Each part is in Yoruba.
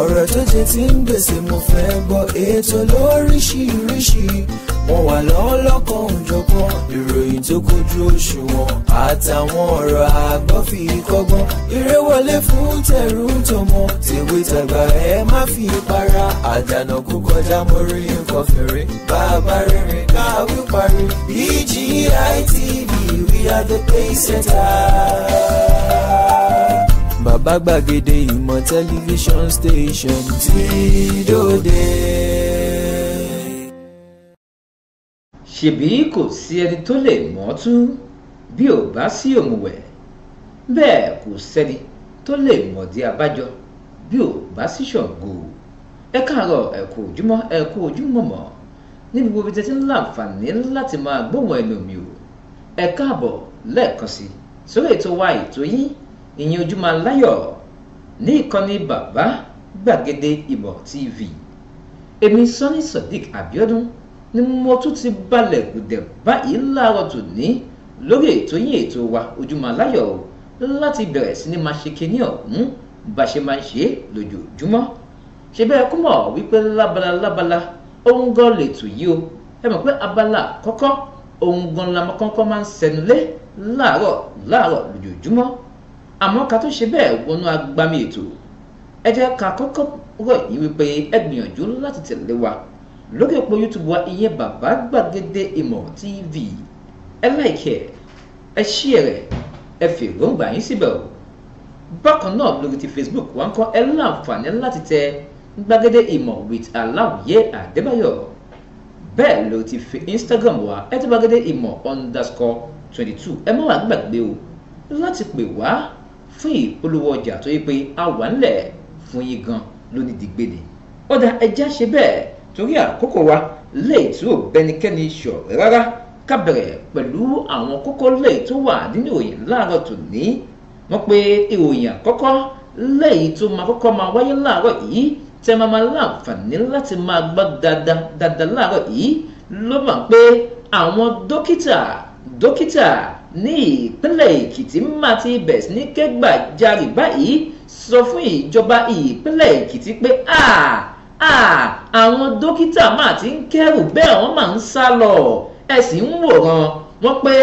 ọ̀rọ̀ tó jẹ ti ń gbèsè mo fẹ́ gbọ́ ètò lóríṣiríṣi wọn wà lọ́wọ́ lọ́kàn òjọ̀kan ìròyìn tó kojú òṣùwọ̀n àtàwọn ọ̀rọ̀ àgbọ́ fi kọ́gbọ́n eré wọlé fún tẹ̀rù tọmọ tèwe tàgbà ẹ má fi para àdànà kó kọjá mo rí nǹkan fèrè bàbá rere káwí parí BGI e TV we are the pace setters bàbá gbàgede ìmọ̀ tẹlifíṣọ̀n station ti dòde. ṣèbí kò sí ẹni tó lè mọ̀ ọ́ tú bí ò bá sí òmùwẹ̀ bẹ́ẹ̀ kò sẹ́ni tó lè mọ̀dí abájọ bí ò bá sí ṣọ̀gbò ẹ káàárọ̀ ẹ kú ojúmọ́ ẹ kú ojúmọ̀mọ́ níbi gbogbo tẹ́tí ń láǹfààní láti máa gbóhùn ẹnu mi o ẹ káàbọ̀ lẹ́ẹ̀kan sí sórí ètò wa ètò yín ìyẹn ojúmọ́ aláyọ̀ ní ìkànnì bàbá gbàgede ìmọ̀ tv èmi sọ́ni sodiq abiodun ni mo tún ti balẹ̀ gùdẹ̀ báyìí láàárọ̀ tòní lórí ètò yín ètò wa ojúmọ́ aláyọ̀ láti bẹ̀rẹ̀ sí ni máa ṣe kinní ọ̀hún bá ṣe máa ń ṣe lójoojúmọ́ ṣe bẹ́ẹ̀ kú mọ̀ wípé lábala lábala ohun gan lètò yìí o ẹ mọ̀ pé abala kọ́kọ́ ohun gan la kọ́kọ́ máa ń sẹnulé láàárọ̀ láàárọ̀ lójoojúmọ́ àmọ́ ká tó ṣe bẹ́ẹ̀ wọnú agbami ètò ẹ jẹ́ ká kọ́kọ́ rọ̀ yín wípé ẹ gbìyànjú láti tẹ̀lé wa lókè òpó youtube wa ìyẹn bàbá gbàgede ìmọ̀ tv ẹ láìkẹ́ ẹ ẹ ṣí ẹ̀rẹ̀ ẹ fi èròǹgbà yín síbẹ̀ o bákan náà lórí ti facebook wa ń kọ́ ẹ láǹfààní láti tẹ gbàgede ìmọ̀ with aláwìyé àdébáyọ̀ bẹ́ẹ̀ lórí ti fi instagram wa ẹ ti gbàgede ìmọ̀ underscore twenty two ẹ má wàá gbàgbé o láti pè wá fún ìpolówó ọjà tó yẹ pé a wà ńlẹ̀ fún yín gan lónídìgbèdè ọ̀dà ẹja ṣe bẹ́ẹ̀ torí àkókò wa lè tó bẹnikẹ́ni ṣọ̀rẹ́ rárá ká bẹ̀rẹ̀ pẹ̀lú àwọn kókó lè tó wà nínú ìròyìn láàárọ̀ tòní wọ́n pé ìròyìn àkọ́kọ́ lẹ́yìn tó máa kọ́kọ́ máa wáyé láàárọ̀ yìí tẹ́ máa máa láǹfààní láti máa gbọ́ dáadáa dáadáa láàárọ̀ yìí ló máa pé àwọn dókítà dókítà ní ìpínlẹ̀ èkìtì mati Best ní kẹ́gbàjarì báyìí sọ fún ìjọba ìpínlẹ̀ èkìtì pé àwọn dókítà máa ti ń kẹ́rù bẹ́ẹ̀ wọ́n máa ń sá lọ ẹ sì ń wòran wọ́n pé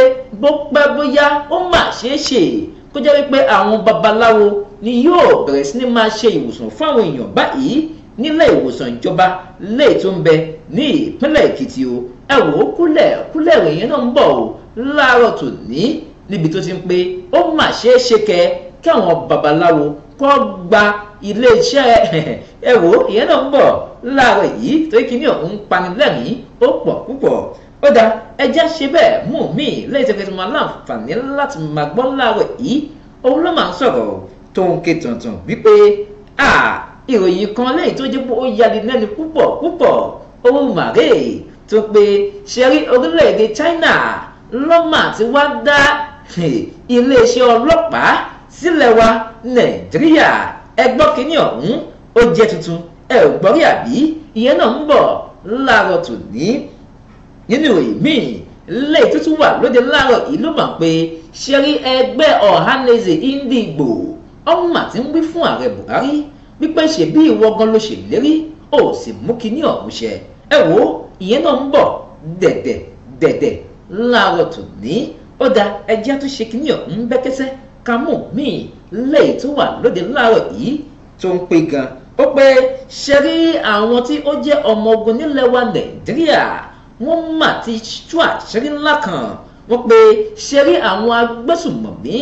bó pẹ́ bóyá ó mà ṣeé ṣe kó jẹ́ wípé àwọn babaláwo ni yóò bẹ̀rẹ̀ sí ni máa ṣe ìwòsàn fáwọn èèyàn báyìí nílé ìwòsàn ìjọba léè tó ń bẹ ní ìpínlẹ̀ èkìtì o ẹ wò ó kúlẹ̀ kúlẹ̀ ìròyìn náà ń bọ̀ o láàárọ̀ tòní níbi tó ti ń pé ó mà ṣeé ṣe kẹ kí àwọn babaláwo kọ́ gba iléeṣẹ́ ẹ̀wò ìyẹn náà ń bọ̀ láàárọ̀ yìí torí kí ni òun ń panilẹ́rìn ó pọ̀ púpọ̀ ó dáa ẹjẹ́ ṣe bẹ́ẹ̀ mú mi lẹ́yìn tó fi máa láǹfààní láti máa gbọ́ láàárọ̀ yìí òun ló máa ń sọ̀rọ̀ tó ké tuntun wípé ìròyìn kan lẹ́yìn tó jẹ́ pé ó yáni lẹ́nu púpọ̀ púpọ̀ ó màrè tó pé ṣe rí orílẹ̀-èdè China lọ́mà tí wá dá iléeṣẹ́ ọlọ́pàá sílẹ̀ wa nàìjíríà ẹgbọ́n kínní ọ̀hún ó jẹ́ tuntun ẹ ò gbọ́rí àbí ìyẹn náà ń bọ̀ láàárọ̀ tòní nínú ìròyìn míì lẹ́yìn tó tún wà lóde láàárọ̀ yìí ló mọ̀ pé ṣẹ́rí ẹgbẹ́ ọ̀hánẹ́sẹ̀ Indigo ọ̀hún àti ń wí fún ààrẹ Buhari wípé ṣèbí ìwọ gan ló ṣèlérí ó sì mú kínní ọ̀hún ṣẹ ẹ wo ìyẹn náà ń bọ̀ dẹ̀dẹ̀ dẹ̀dẹ̀ láàárọ̀ tòní ó da ẹjẹ́ tó ṣe kínní ọ̀hún bẹ́kẹ́sẹ́ kámú míì lẹ́yìn tó wà lóde láàárọ̀ yìí tó ń pè gan ó pé ṣe rí àwọn tí ó jẹ́ ọmọ ogun nílẹ̀ wa nàìjíríà wọ́n mà ti tú àṣírí ńlá kan wọ́n pé ṣe rí àwọn agbésùmọ̀mí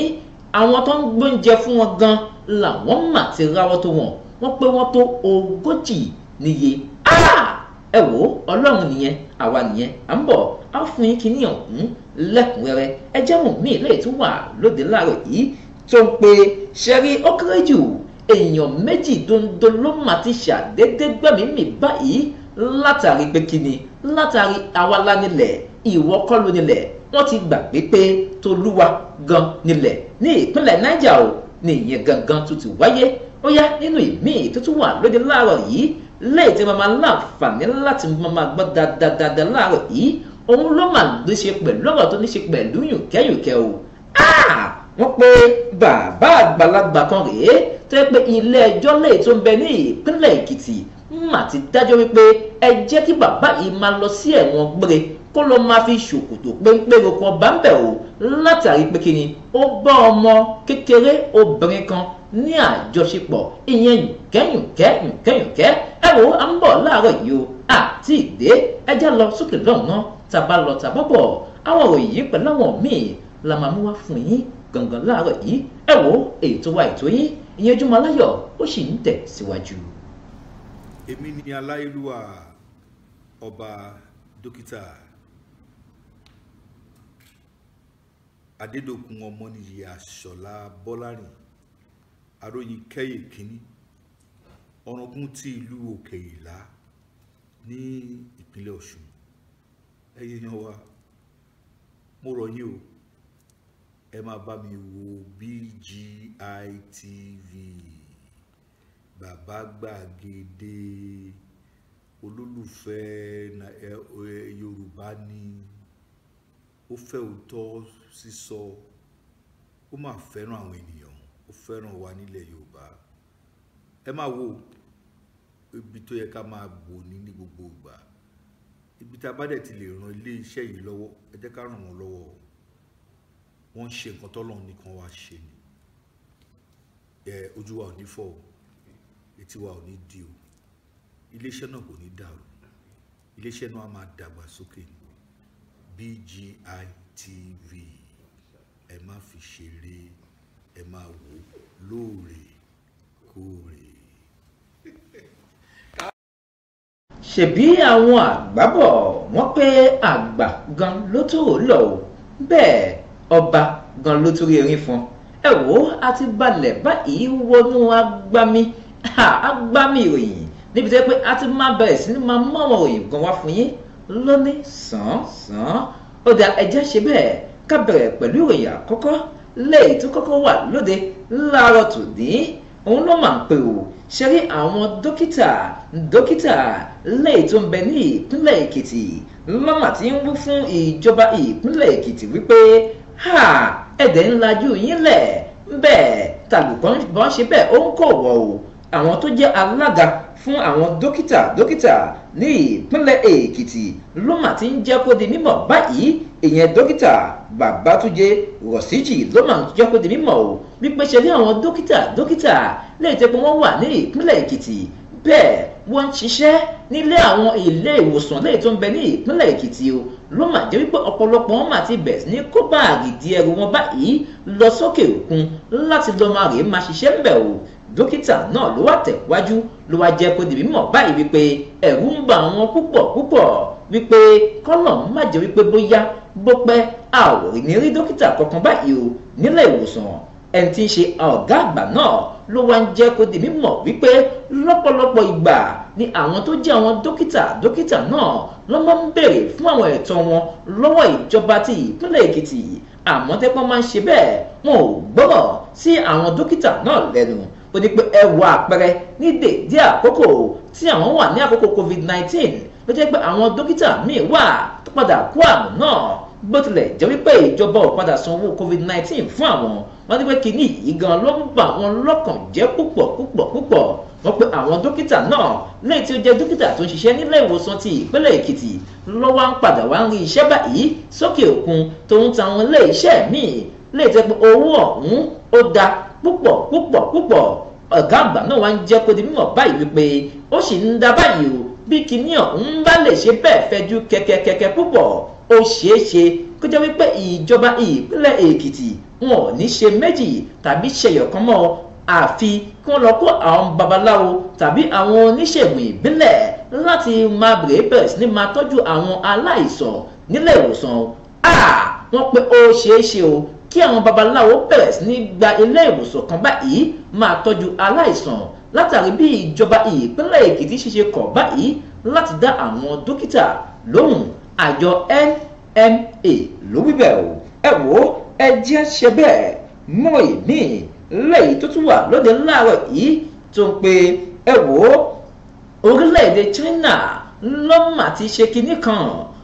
àwọn tó ń gbóúnjẹ fún wọn gan làwọn mà ti ráwọ́ tó wọn wọ́n pé wọ́n tó ogójì níye ẹ wò ó ọlọ́run nìyẹn àwa nìyẹn à ń bọ̀ á fún yín kíní ọ̀hún lẹ́kùnrẹ́rẹ́ ẹ jẹ́ mọ̀ mí lè tún wà lóde láàárọ̀ yìí tó ń pe ṣẹ́rí ó kéré jù èèyàn méjì dondo ló mà ti ṣàdédé gbẹ̀mímì báyìí látàrí pé kíni látàrí àwa la nílẹ̀ ìwọ kọ́ ló nílẹ̀ wọ́n ti gbàgbé pé tolúwa gan nílẹ̀ ní ìpínlẹ̀ Niger o nìyẹn gangan tó ti wáyé ó yá nínú ìmíì tó tún wà lóde láàárọ̀ yìí lẹ́yìn tí màmá láǹfààní láti màmá gbọ́ dáadáa láàárọ̀ yìí òun ló mà ní ṣe pẹ̀lú ọ̀rọ̀ tó ní ṣe pẹ̀lú yùnkẹ́yùnkẹ́ o ah! wọ́n pé bàbá àgbàlagbà kan rèé tó yẹ pé ilé ẹjọ́ lẹ́yìn tó ń bẹ ní ìpínlẹ̀ Èkìtì mà ti dájọ́ wípé ẹ jẹ́ kí bàbá yìí máa lọ sí ẹ̀wọ̀n gbére kó ló máa fi ṣòkòtò péńpé roko ọba ń bẹ̀ o látàrí pé kí ni ó bá ọmọ kékeré obìnrin kan ní àjọṣepọ̀ ìyẹn yùnkẹ́yùnkẹ́ yùnkẹ́yùnkẹ́ ẹ wo à ń bọ̀ láàárọ̀ yìí o àti ìdè ẹjẹ́ lọ sókè lọ́nà tàbá lọ tàbá bọ̀ àwọn òròyìn yìí pẹ̀lú àwọn míì la máa mú wá fún yín gangan láàárọ̀ yìí ẹ wo ètò wa ètò yín ìyẹn Ojúmọ́ Aláyọ̀ ó sì ń tẹ̀ síwájú. èmi ni aláyélúwà ọba dókítà adédọ̀kun ọmọnìyí àṣọlá bọ́lárìn aróyin kẹ́yè kínní ọ̀ràngún ti ìlú òkè ìlá ní ìpínlẹ̀ ọ̀ṣun ẹ̀yin yan wa mo rọ̀ yín o ẹ máa bá mi wo BGI TV bàbá gbàgede olólùfẹ́ yorùbá ni. Eh, eh, ó fẹ́ òótọ́ sísọ ó máa fẹ́ràn àwọn ènìyàn ó fẹ́ràn wa nílẹ̀ yorùbá ẹ máa wo ibi tó yẹ ká máa wò ní ní gbogbo ìgbà ibi tá a bá dẹ̀ ti lè ran ilé iṣẹ́ yìí lọ́wọ́ ẹ jẹ́ ká ràn wọ́n lọ́wọ́ wọ́n ń ṣe nǹkan tọ́lọ́run nìkan wá ṣe ni ẹ ojú wa ò ní fọ́ o etí wa ò ní di o iléeṣẹ́ náà kò ní dàrú iléeṣẹ́ náà á máa dàgbà sókè ni BGI TV ẹ má fi ṣeré ẹ máa wò lóòrèkóòrè. ṣebí àwọn àgbà bọ̀ wọ́n pé àgbà gan ló tó lọ o bẹ́ẹ̀ ọba gan ló tó rí erin fún ẹ wò ó a ti balẹ̀ báyìí wọnú agbami agbami ìròyìn níbi tó yẹ pé a ti máa bẹ̀rẹ̀ sí ni máa mọ̀ ọ̀rọ̀ ìgbọ̀n wá fún yín ló ní sàn-án-sàn-án ó dá ẹjẹ́ ṣe bẹ́ẹ̀ ká bẹ̀rẹ̀ pẹ̀lú ìròyìn àkọ́kọ́ léyìí tó kọ́kọ́ wà lóde láàárọ̀ tòní òun ló máa ń pè ó ṣe rí àwọn dókítà dókítà léyìí tó ń bẹ ní ìpínlẹ̀ èkìtì lọ́mà tí ń wú fún ìjọba ìpínlẹ̀ èkìtì wípé ẹ̀dẹ̀ ńlá ju yín lẹ̀ bẹ́ẹ̀ tàbùkọ́ ń ṣe bẹ́ẹ̀ ó ń kọ̀wọ̀ o àwọn tó jẹ́ alága fún àwọn dókítà dókítà ní ìpínlẹ̀ èkìtì ló mà ti ń jẹ́ kó di mímọ̀ báyìí ìyẹn dókítà Babátúndé Rọ̀síjì ló mà ń jẹ́ kó di mímọ̀ o wípé ṣe ní àwọn dókítà dókítà lẹ́yìn tó pé wọ́n wà ní ìpínlẹ̀ èkìtì bẹ́ẹ̀ wọ́n ń ṣiṣẹ́ nílé àwọn ilé ìwòsàn lẹ́yìn tó ń bẹ ní ìpínlẹ̀ èkìtì o ló mà jẹ́ wípé ọ̀pọ̀lọpọ̀ wọn mà ti bẹ̀ sí ní kó báàgì di ẹrù wọn báyìí lọ sókè òkun láti lọ máa rèé máa ṣiṣẹ́ ń bẹ̀ o dókítà náà ló wá tẹ̀wájú ló wá jẹ́ kó di mímọ̀ báyìí wípé ẹ̀rù ń bà wọn púpọ̀ púpọ̀ wípé kọ́nà má jẹ́ wípé bóyá bó pẹ́ a ò ní rí dókítà kankan báyìí o nílẹ̀ ìwòsàn ẹni tí ń ṣe ọ̀gá àgbà náà ló wá ń jẹ́ kó di mímọ̀ wípé lọ́pọ̀lọpọ̀ ìgbà ni àwọn tó jẹ́ àwọn dókítà dókítà náà ló máa ń béèrè fún àwọn ẹ̀tọ́ wọn lọ́wọ́ ìjọba ti ìpínlẹ̀ Èkìtì àmọ́tẹ́pọ́n máa ń ṣe bẹ́ẹ̀ wọn ò gbọ́rọ̀ sí àwọn dókítà náà lẹ́nu ó ní pé ẹ wo ní dèédé àkókò tí àwọn wà ní àkókò covid-19 ló jẹ́ pé àwọn dókítà míì wà tó padà kó àrùn náà bó tilẹ̀ jẹ́ wípé ìjọba ò padà san owó covid-19 fún àwọn wọ́n ní pé kínní yìí gan ló ń bà wọ́n lọ́kàn jẹ́ púpọ̀ púpọ̀ púpọ̀ wọ́n pe àwọn dókítà náà lẹ́yìn tí ó jẹ́ dókítà tó ń ṣiṣẹ́ nílé ìwòsàn ti ìpínlẹ̀ Èkìtì lọ́wọ́ ń padà wá ń rí iṣẹ́ báyìí sókè òkun tó ń ta àwọn ilé iṣẹ́ míì lè jẹ́ pé owó ọ̀hún ó da púpọ̀ púpọ̀ púpọ̀ ọ̀gá àgbà náà wá ń jẹ́ kó di mímọ̀ báyìí wípé ó sì ń da báyìí o bí kinní ọ̀hún bá lè ṣe bẹ́ẹ̀ fẹjú kẹ̀kẹ̀kẹ̀kẹ̀ púpọ̀ ó ṣeé ṣe kó jẹ́ wípé ìjọba ìpínlẹ̀ èkìtì wọn ò ní ṣe méjì tàbí ṣẹyọ̀kan mọ́ àfi kí wọ́n lọ kó àwọn babaláwo tàbí àwọn oníṣègùn ìbílẹ̀ láti máa bèrè bẹ̀rẹ̀ ní máa tọ́jú àwọn aláìsàn nílé ìwòsàn wọ́n pé ó ṣeé ṣe o kí àwọn babaláwo bẹ̀rẹ̀ sí ní gba ilé ìwòsàn kan báyìí máa tọ́jú aláìsàn látàrí bí ìjọba ìpínlẹ̀ Èkìtì ṣíṣe kọ̀ báyìí láti dá àwọn dókítà lóhùn àjọ NMA ló wí bẹ́ẹ̀ o ẹ wò ó ẹ jẹ́ ṣe bẹ́ẹ̀ mọ́ èmi lẹ́yìn tó tún wà lóde láàárọ̀ yìí tó ń pe ẹ wò orílẹ̀-èdè China lọ́mà ti ṣe kinní kan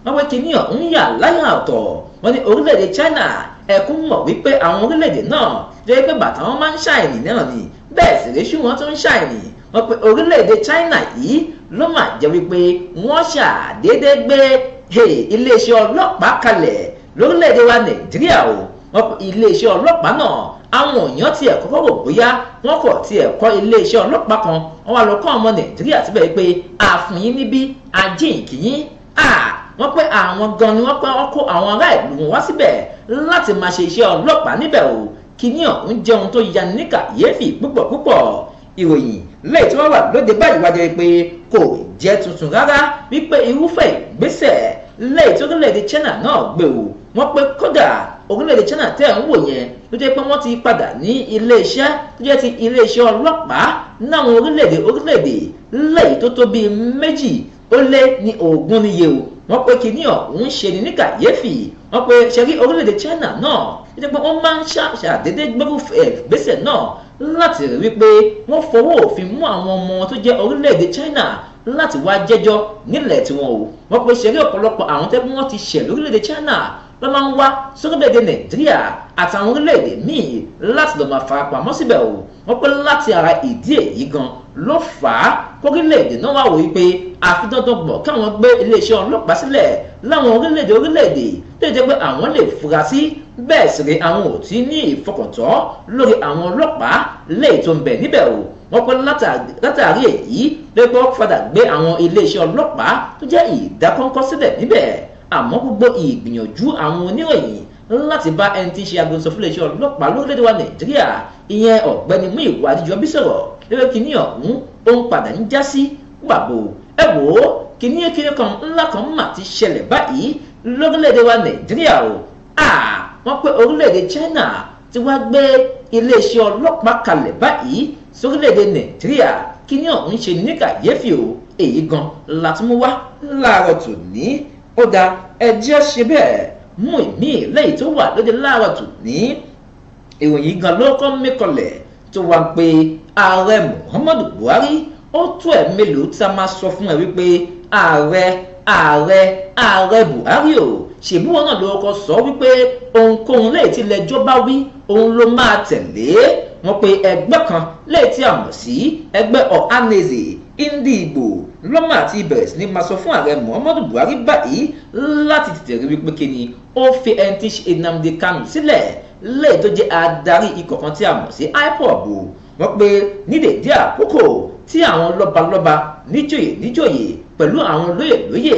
wọ́n pé kinní ọ̀hún yà láyà ọ̀tọ̀ wọ́n ní orílẹ̀-èdè China ẹkú mọ̀ wípé àwọn orílẹ̀-èdè náà jẹ́ pé bàtà wọn máa ń ṣàìní náà ni bẹ́ẹ̀ sì rí ṣú wọn tó ń ṣàìní wọn pé orílẹ̀-èdè China yìí ló mà jẹ́ wípé wọ́n ṣàdédé gbé iléeṣẹ́ ọlọ́pàá kalẹ̀ lórílẹ̀-èdè wa Nàìjíríà o wọn pé iléeṣẹ́ ọlọ́pàá náà àwọn èèyàn tiẹ̀ kọ́kọ́ rò bóyá wọ́n kọ̀ tiẹ̀ kọ́ iléeṣẹ́ ọlọ́pàá kan wọ́n wá lọ ọmọ Nàìjíríà síbẹ̀ wípé àfùnyín níbí ajínkìyín wọ́n pé àwọn gan ni wọ́n pé wọ́n kó àwọn ará ìlú wọn wá síbẹ̀ láti máa ṣe iṣẹ́ ọlọ́pàá níbẹ̀ o kíní ọ̀hún jẹ́ ohun tó yani ní kàyéfì púpọ̀ púpọ̀ ìròyìn lẹ́yìn tí wọ́n wà lóde báyìí wájú pé kò jẹ́ tuntun rárá wípé irúfẹ́ ìgbésẹ̀ lẹ́yìn tí orílẹ̀-èdè China náà gbé o wọ́n pé kódà orílẹ̀-èdè China tẹ̀ ń wò yẹn ló jẹ́ pé wọ́n ti padà ní ilé-iṣẹ́ tó jẹ́ ti ilé-iṣẹ́ ọlọ́pàá náwọn orílẹ̀-èdè orílẹ̀-èdè lẹ́yìn tó tó bíi méjì ó lé ní ogún níye o wọ́n pé kinní ọ̀hún ṣe ní kàyéfì wọ́n pé ṣe orílẹ̀-èdè China náà nítorí pé wọ́n máa ń ṣàdédé gbẹ́gbẹ́sẹ̀ náà láti rí wípé wọ́n fọwọ́ òfin mú àwọn ọmọ tó jẹ́ orílẹ̀-èdè China láti wá jẹ́jọ́ nílẹ̀ tiwọn o wọ́n pé ṣe ọ̀pọ̀lọpọ̀ àwọn tẹ́gbọ́n ti ṣẹ̀ lórílẹ̀-èdè China ló máa ń wá sórílẹ̀-èdè nàìjíríà àtàwọn orílẹ̀-èdè míì láti lọ́ọ́ máa farapamọ́ síbẹ̀ o wọ́n pẹ́ láti ara ìdí èyí gan ló fà á kórílẹ̀-èdè náà wà wòye pé àfi dandan gbọ̀n gbé iléeṣẹ́ ọlọ́pàá sílẹ̀ láwọn orílẹ̀-èdè orílẹ̀-èdè tó jẹ́ pé àwọn lè fura sí bẹ́ẹ̀ sì rí àwọn ò tí ní ìfọkàntán lórí àwọn ọlọ́pàá léè tó ń bẹ níbẹ̀ o wọ́n pẹ́ látàrí èyí lẹ́gbọ́n padà gbé àwọn iléeṣẹ́ ọlọ́pàá tó jẹ́ ìdákọ́ńkọ́ sílẹ̀ níbẹ̀ àmọ́ gbogbo ìgbìyànjú àwọn oníròyìn láti bá ẹni tí ń ṣe agbẹnusọ fún iléeṣẹ́ ọlọ́pàá lórílẹ̀‐èdè wa nàìjíríà ìyẹn ọ̀gbẹ́ni Muyiwa Adéjọbí sọ̀rọ̀ lórí kìíní ọ̀hún ó ń padà ń já sí gbàgbó ẹ wò ó kìíní kìíní kan ńlá kan mà ti ṣẹlẹ̀ báyìí lórílẹ̀ wa nàìjíríà o wọ́n pé orílẹ̀ China ti wá gbé iléeṣẹ́ ọlọ́pàá kalẹ̀ báyìí sórílẹ̀‐èdè nàìjíríà kìíní ọ̀hún ṣe ní kàyéfì o èyí gan látúmúwá láàárọ̀ tòní ó da ẹjẹ́ ṣe bẹ́ẹ̀ mú ìmí lẹ́yìn tó wà lóde láwàtò ní ìròyìn gan ló kọ́ mẹ́kànlẹ̀ tó wá pé ààrẹ Muhammadu Buhari ó tó ẹ̀ mélòó tá a máa sọ fún ẹ wípé ààrẹ ààrẹ ààrẹ Buhari o ṣèbí wọn náà ló kọ sọ wípé ohunkóhun lẹ́yìn tí ilẹ̀jọ́ bá wí òun ló máa tẹ̀lé wọn pé ẹgbẹ́ kan lẹ́yìn tí a mọ̀ sí ẹgbẹ́ Ohanaeze Ndigbo lọ́mà ti bẹ̀rẹ̀ sí ni máa sọ fún ààrẹ Muhammadu Buhari báyìí láti tètè rí wípé kí ni ó fi ẹni tí ṣe Nnamdi Kanu sílẹ̀ lẹ́yìn tó jẹ́ adarí ikọ̀ kan tí a mọ̀ sí IPOB wọ́n pé nídèédé àkókò tí àwọn lọ́balọ́ba níjòyè níjòyè pẹ̀lú àwọn lóyè lóyè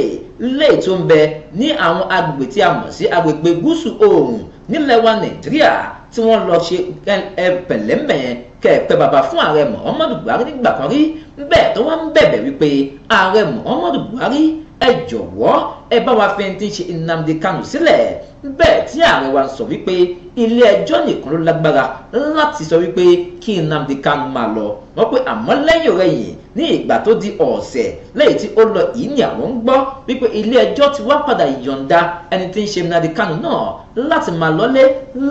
lẹ́yìn tó ń bẹ ní àwọn agbègbè tí a mọ̀ sí agbègbè gúúsù oòrùn nílẹ̀ wa Nàìjíríà tí wọ́n lọ ṣe pẹ̀lẹ́mẹ̀ kẹ̀pẹ́ bàbá fún ààrẹ Muhammadu Buhari nígbà kan rí bẹ́ẹ̀ tó wá ń bẹ̀bẹ̀ wípé ààrẹ Muhammadu Buhari ẹ jọ̀wọ́ ẹ bá wa fẹ́ ti ṣe Nnamdi Kanu sílẹ̀ bẹ́ẹ̀ tí ààrẹ wa sọ wípé ilé ẹjọ́ nìkan ló lágbára láti sọ wípé kí Nnamdi Kanu máa lọ wọ́n pé àmọ́ lẹ́yìn ọ̀rẹ́ ní ìgbà tó di ọ̀sẹ̀ lẹ́yìn tí ó lọ yìí ni àwọn ń gbọ́ wípé ilé ẹjọ́ ti wá padà yọ̀ǹda ẹni tí ń ṣe Nnamdi Kanu náà láti máa lọ́lé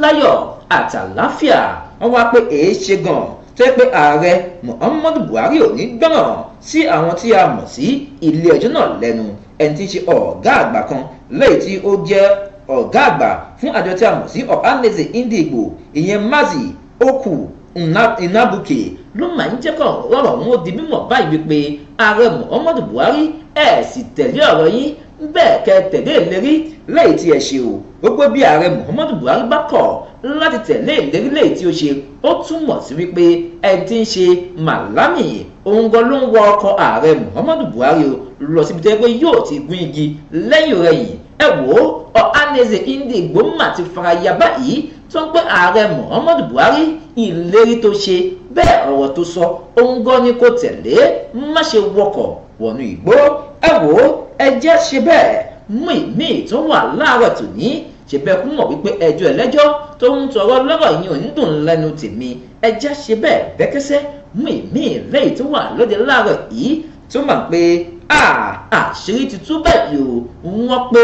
láyọ̀ àtàláfíà wọ́n wá pé èé ṣe gan-an tó yẹ pé ààrẹ Muhammadu Buhari ò ní gbọ́ràn sí àwọn tí a mọ̀ sí ilé ẹjọ́ náà lẹ́nu ẹni tí ń ṣe ọ̀gá àgbà kan lẹ́yìn tí ó jẹ́ ọ̀gá àgbà fún àjọ tí a mọ̀ sí ọ̀hánẹ́sẹ̀ indigbo ìyẹn mazi okù ìnábùkè ló máa ń jẹ́ kọ́ ọ̀rọ̀ wọn ó di mímọ̀ báyìí wípé ààrẹ muhammadu buhari ẹ̀ sì tẹ̀lé ọ̀rọ̀ yín bẹ́ẹ̀ kẹ́ tẹ̀lé ìlérí lẹ́yìn tí ẹ ṣe o gbogbo bí ààrẹ muhammadu buhari bá kọ̀ láti tẹ̀lé ìlérílẹ̀ tí ó ṣe ó túmọ̀ sí wípé ẹni tí ń ṣe màlámì òun gan ló ń wọ ọkọ̀ ààrẹ Muhammadu Buhari lọ síbi tẹ́ pé yóò ti gún igi lẹ́yìn rẹ̀ yìí ẹ wò ó Ohanaeze Ndigbo mà ti faraya báyìí tó ń pé ààrẹ Muhammadu Buhari ìlérí tó ṣe bẹ́ẹ̀ ọ̀rọ̀ tó sọ òun gan ni kò tẹ̀lé má ṣe wọkọ̀ wọnú ìgbó ẹ wò ó ẹ jẹ́ ṣe bẹ́ẹ̀ mú ìmíì tó wà láàárọ̀ tòní ṣèbẹ́ kú mọ̀ wípé ẹjọ́ ẹlẹ́jọ́ tó ń tọrọ lọ́rọ̀ yìí ò ń dùn lẹ́nu tèmi ẹjá ṣe bẹ́ẹ̀ bẹ́kẹ́sẹ́ mú ìmí lẹ́yìn tó wà lóde láàárọ̀ yìí tó mọ̀ pé àṣírí ti tú báyìí o wọ́n pé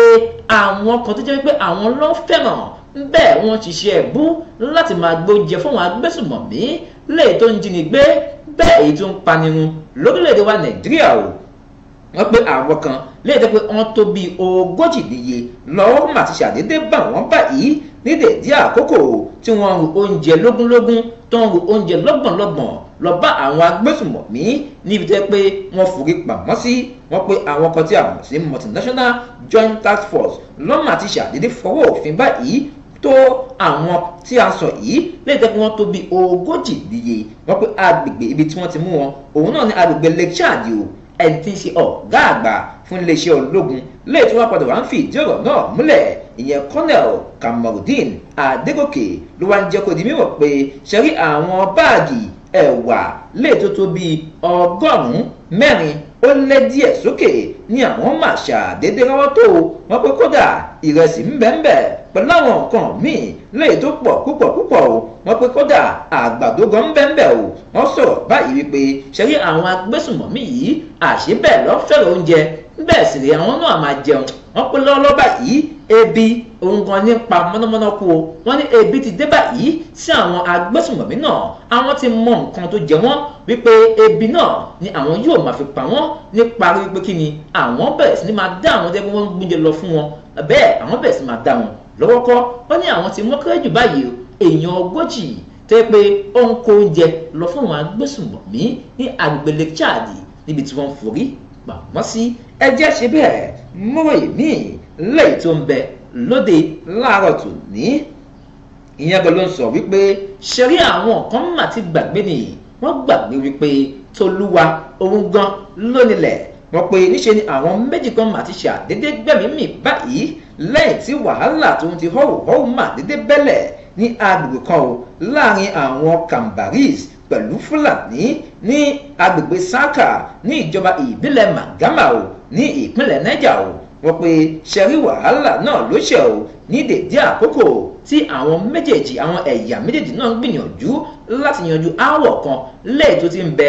àwọn kan tó jẹ́ wípé àwọn ló fẹ́ràn bẹ́ẹ̀ wọ́n ti ṣe ẹ̀bú láti máa gbóúnjẹ fún àwọn agbésùmọ̀mí léè tó ń jíni bẹ́ẹ̀ èyí tó ń panirun lórílẹ̀‐èdè wa Nàìjíríà o wọ́n pé àwọn kan léyìí tó pé wọ́n tó bíi ogójì níye lọ́wọ́ mà ti ṣàdédé bà wọ́n báyìí nídèédé àkókò tí wọ́n ń ru oúnjẹ lógúnlógún tó ń ru oúnjẹ lọ́gbọ̀nlọ́gbọ̀n lọ bá àwọn agbésùmọ̀mí níbi tẹ́ pé wọ́n forí pamọ́ sí wọ́n pé àwọn kan tí a mọ̀ sí multinational joint task force lọ́mà ti ṣàdédé fọwọ́ òfin báyìí tó àwọn tí a sọ yìí léyìí tẹ́ pé wọ́n tó bíi ogójì níye wọ́n pé agbègbè ibi tí wọ́n ti mú wọn òun náà ní agbègbè lake chad ẹni tí í ṣe ọ̀gá àgbà fún iléeṣẹ́ ológun léè tí wọ́n padà wá ń fi ìdí ọ̀rọ̀ náà múlẹ̀ ìyẹn colonel kamarudin adégòkè ló wá ń jẹ́ kó di mímọ̀ pé ṣe rí àwọn báàgì ẹ̀wà léè tó tó bíi ọgọ́rùn-ún mẹ́rin ó lé díẹ̀ sókè ní àwọn màṣà déédéé rọ́wọ́ tó wọ́n pé kódà ìrẹsì ń bẹ́ẹ̀ bẹ́ẹ̀ pẹ̀lú àwọn nǹkan míì léyìí tó pọ̀ púpọ̀ púpọ̀ o wọ́n pe kódà àgbàdo gan ń bẹ́ńbẹ́ o wọ́n sọ̀rọ̀ báyìí wípé ṣe àwọn agbésùnmọ̀mí yìí àṣìbẹ̀ lọ́fẹ̀rẹ̀ oúnjẹ bẹ́ẹ̀ sì rí àwọn náà máa jẹun wọ́n pe lọ́wọ́lọ́wọ́ báyìí ebi òun gan nípa mọ́nàmọ́ná kú o wọ́n ní ebi ti dé báyìí sí àwọn agbésùnmọ̀mí náà àwọn ti mọ nǹkan tó jẹ wọ́n wípé ebi náà ni àwọn yóò máa fi pa wọ́n nípa wípé kí ni àwọn bẹ̀rẹ̀ sí ni máa dá àwọn tẹ́gbọ́n gbúnjẹ lọ fún wọn bẹ́ẹ̀ àwọn bẹ̀rẹ̀ sí máa dá wọn lọ́wọ́ kọ́ wọ́n ní àwọn tí wọ́n kéré jù báyìí èèyàn ogójì tẹ́ pé ó ń kó oúnjẹ lọ fún àwọn agbésùnmọ̀mí ní agbègbè Lake Chad níbi tí wọ́n ń forí pamọ́ sí ẹjẹ́ ṣe bẹ́ẹ̀ mọ́wé mi lẹ́yìn tó ń bẹ lóde láàárọ̀ tò ní ìyẹn gan ló ń sọ wípé ṣeré àwọn kan mà ti gbàgbé nìyí wọ́n gbàgbé wípé tolúwa òun gan lónìlẹ̀ wọ́n pe níṣe ni àwọn méjì kan mà ti ṣàdédé gbẹ̀mí mì báyìí lẹ́yìn tí wàhálà tó ń ti họ́wù họ́wù mà dédé bẹ́lẹ̀ ní agbègbè kan o láàrin àwọn kambaris pẹ̀lú fúlàní ní agbègbè saka ní ìjọba ìbílẹ̀ magama o ní ìpínlẹ̀ niger o wọ́n pe ṣẹ̀rí wàhálà náà ló ṣẹ̀ o ní dèdé àkókò tí àwọn méjèèjì àwọn ẹ̀yà méjèèjì náà ń gbìyànjú láti yanjú aáwọ̀ kan lẹ́yìn tó ti ń bẹ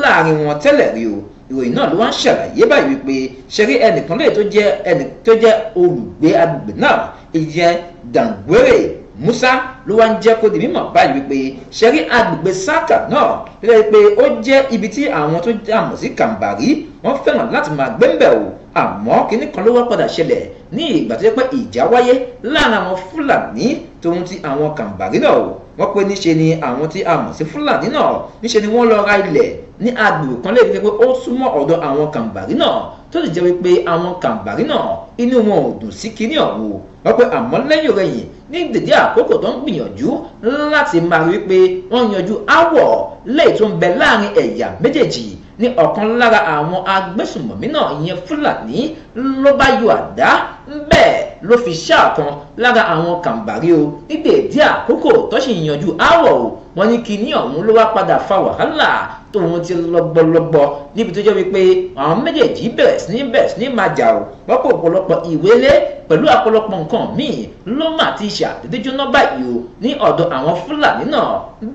láàrin wọn tẹ́lẹ̀ rí o ìròyìn náà ló wá ń ṣàlàyé báyìí wípé ṣeré ẹnìkan lè tó jẹ́ ẹnì tó jẹ́ olùgbé agbègbè náà ìyẹn dàngbèrè musa ló wá ń jẹ́ kó di mímọ̀ báyìí wípé ṣeré agbègbè saka náà lè pé ó jẹ́ ibi tí àwọn tó dààmú sí kàǹbàrí wọ́n fẹ́ràn láti máa gbé o àmọ́ kinní kan ló wá padà ṣẹlẹ̀ ní ìgbà tó jẹ́ pé ìjà wáyé láàárín àwọn fúlàní tòun ti àwọn kàǹbàrí náà o wọ́n pé níṣe ni àwọn tí a mọ̀ sí fúlàní náà níṣe ni wọ́n lọ ra ilẹ̀ ní agbègbè kan lè fi pé ó súnmọ́ ọ̀dọ̀ àwọn kàǹbàrí náà tó sì jẹ́ wípé àwọn kàǹbàrí náà inú wọn ò dùn sí kinní ọ̀hún wọ́n pé àmọ́ lẹ́yìn rẹ̀yìn ní dèdè àkókò tó ń gbìyànjú láti máa rí pé wọ́n yanjú áwọ̀ lẹ́yìn tó ń bẹ láàrin ẹ̀yà méjèèjì ní ọ̀kan lára àwọn agbésùnmọ̀mí náà ìyẹn fúlàní ló bá yọ àdá bẹ́ẹ̀ ló fi ṣáàkan lára àwọn kàǹbàrí o nígbè dí àkókò tó sì áwọ̀ o wọ́n ní kí ní ọ̀hún ló wá padà fa wàhálà tóun ti lọ́gbọ́lọ́gbọ́ níbi tó jẹ́ wípé àwọn méjèèjì bẹ̀rẹ̀ sí ní bẹ̀rẹ̀ sí ní máa jà o rọ́pò ọ̀pọ̀lọpọ̀ ìwélé pẹ̀lú ọ̀pọ̀lọpọ̀ nǹkan míì ló mà ti ṣàdédé jóná báyìí o ní ọ̀dọ̀ àwọn fúlàní náà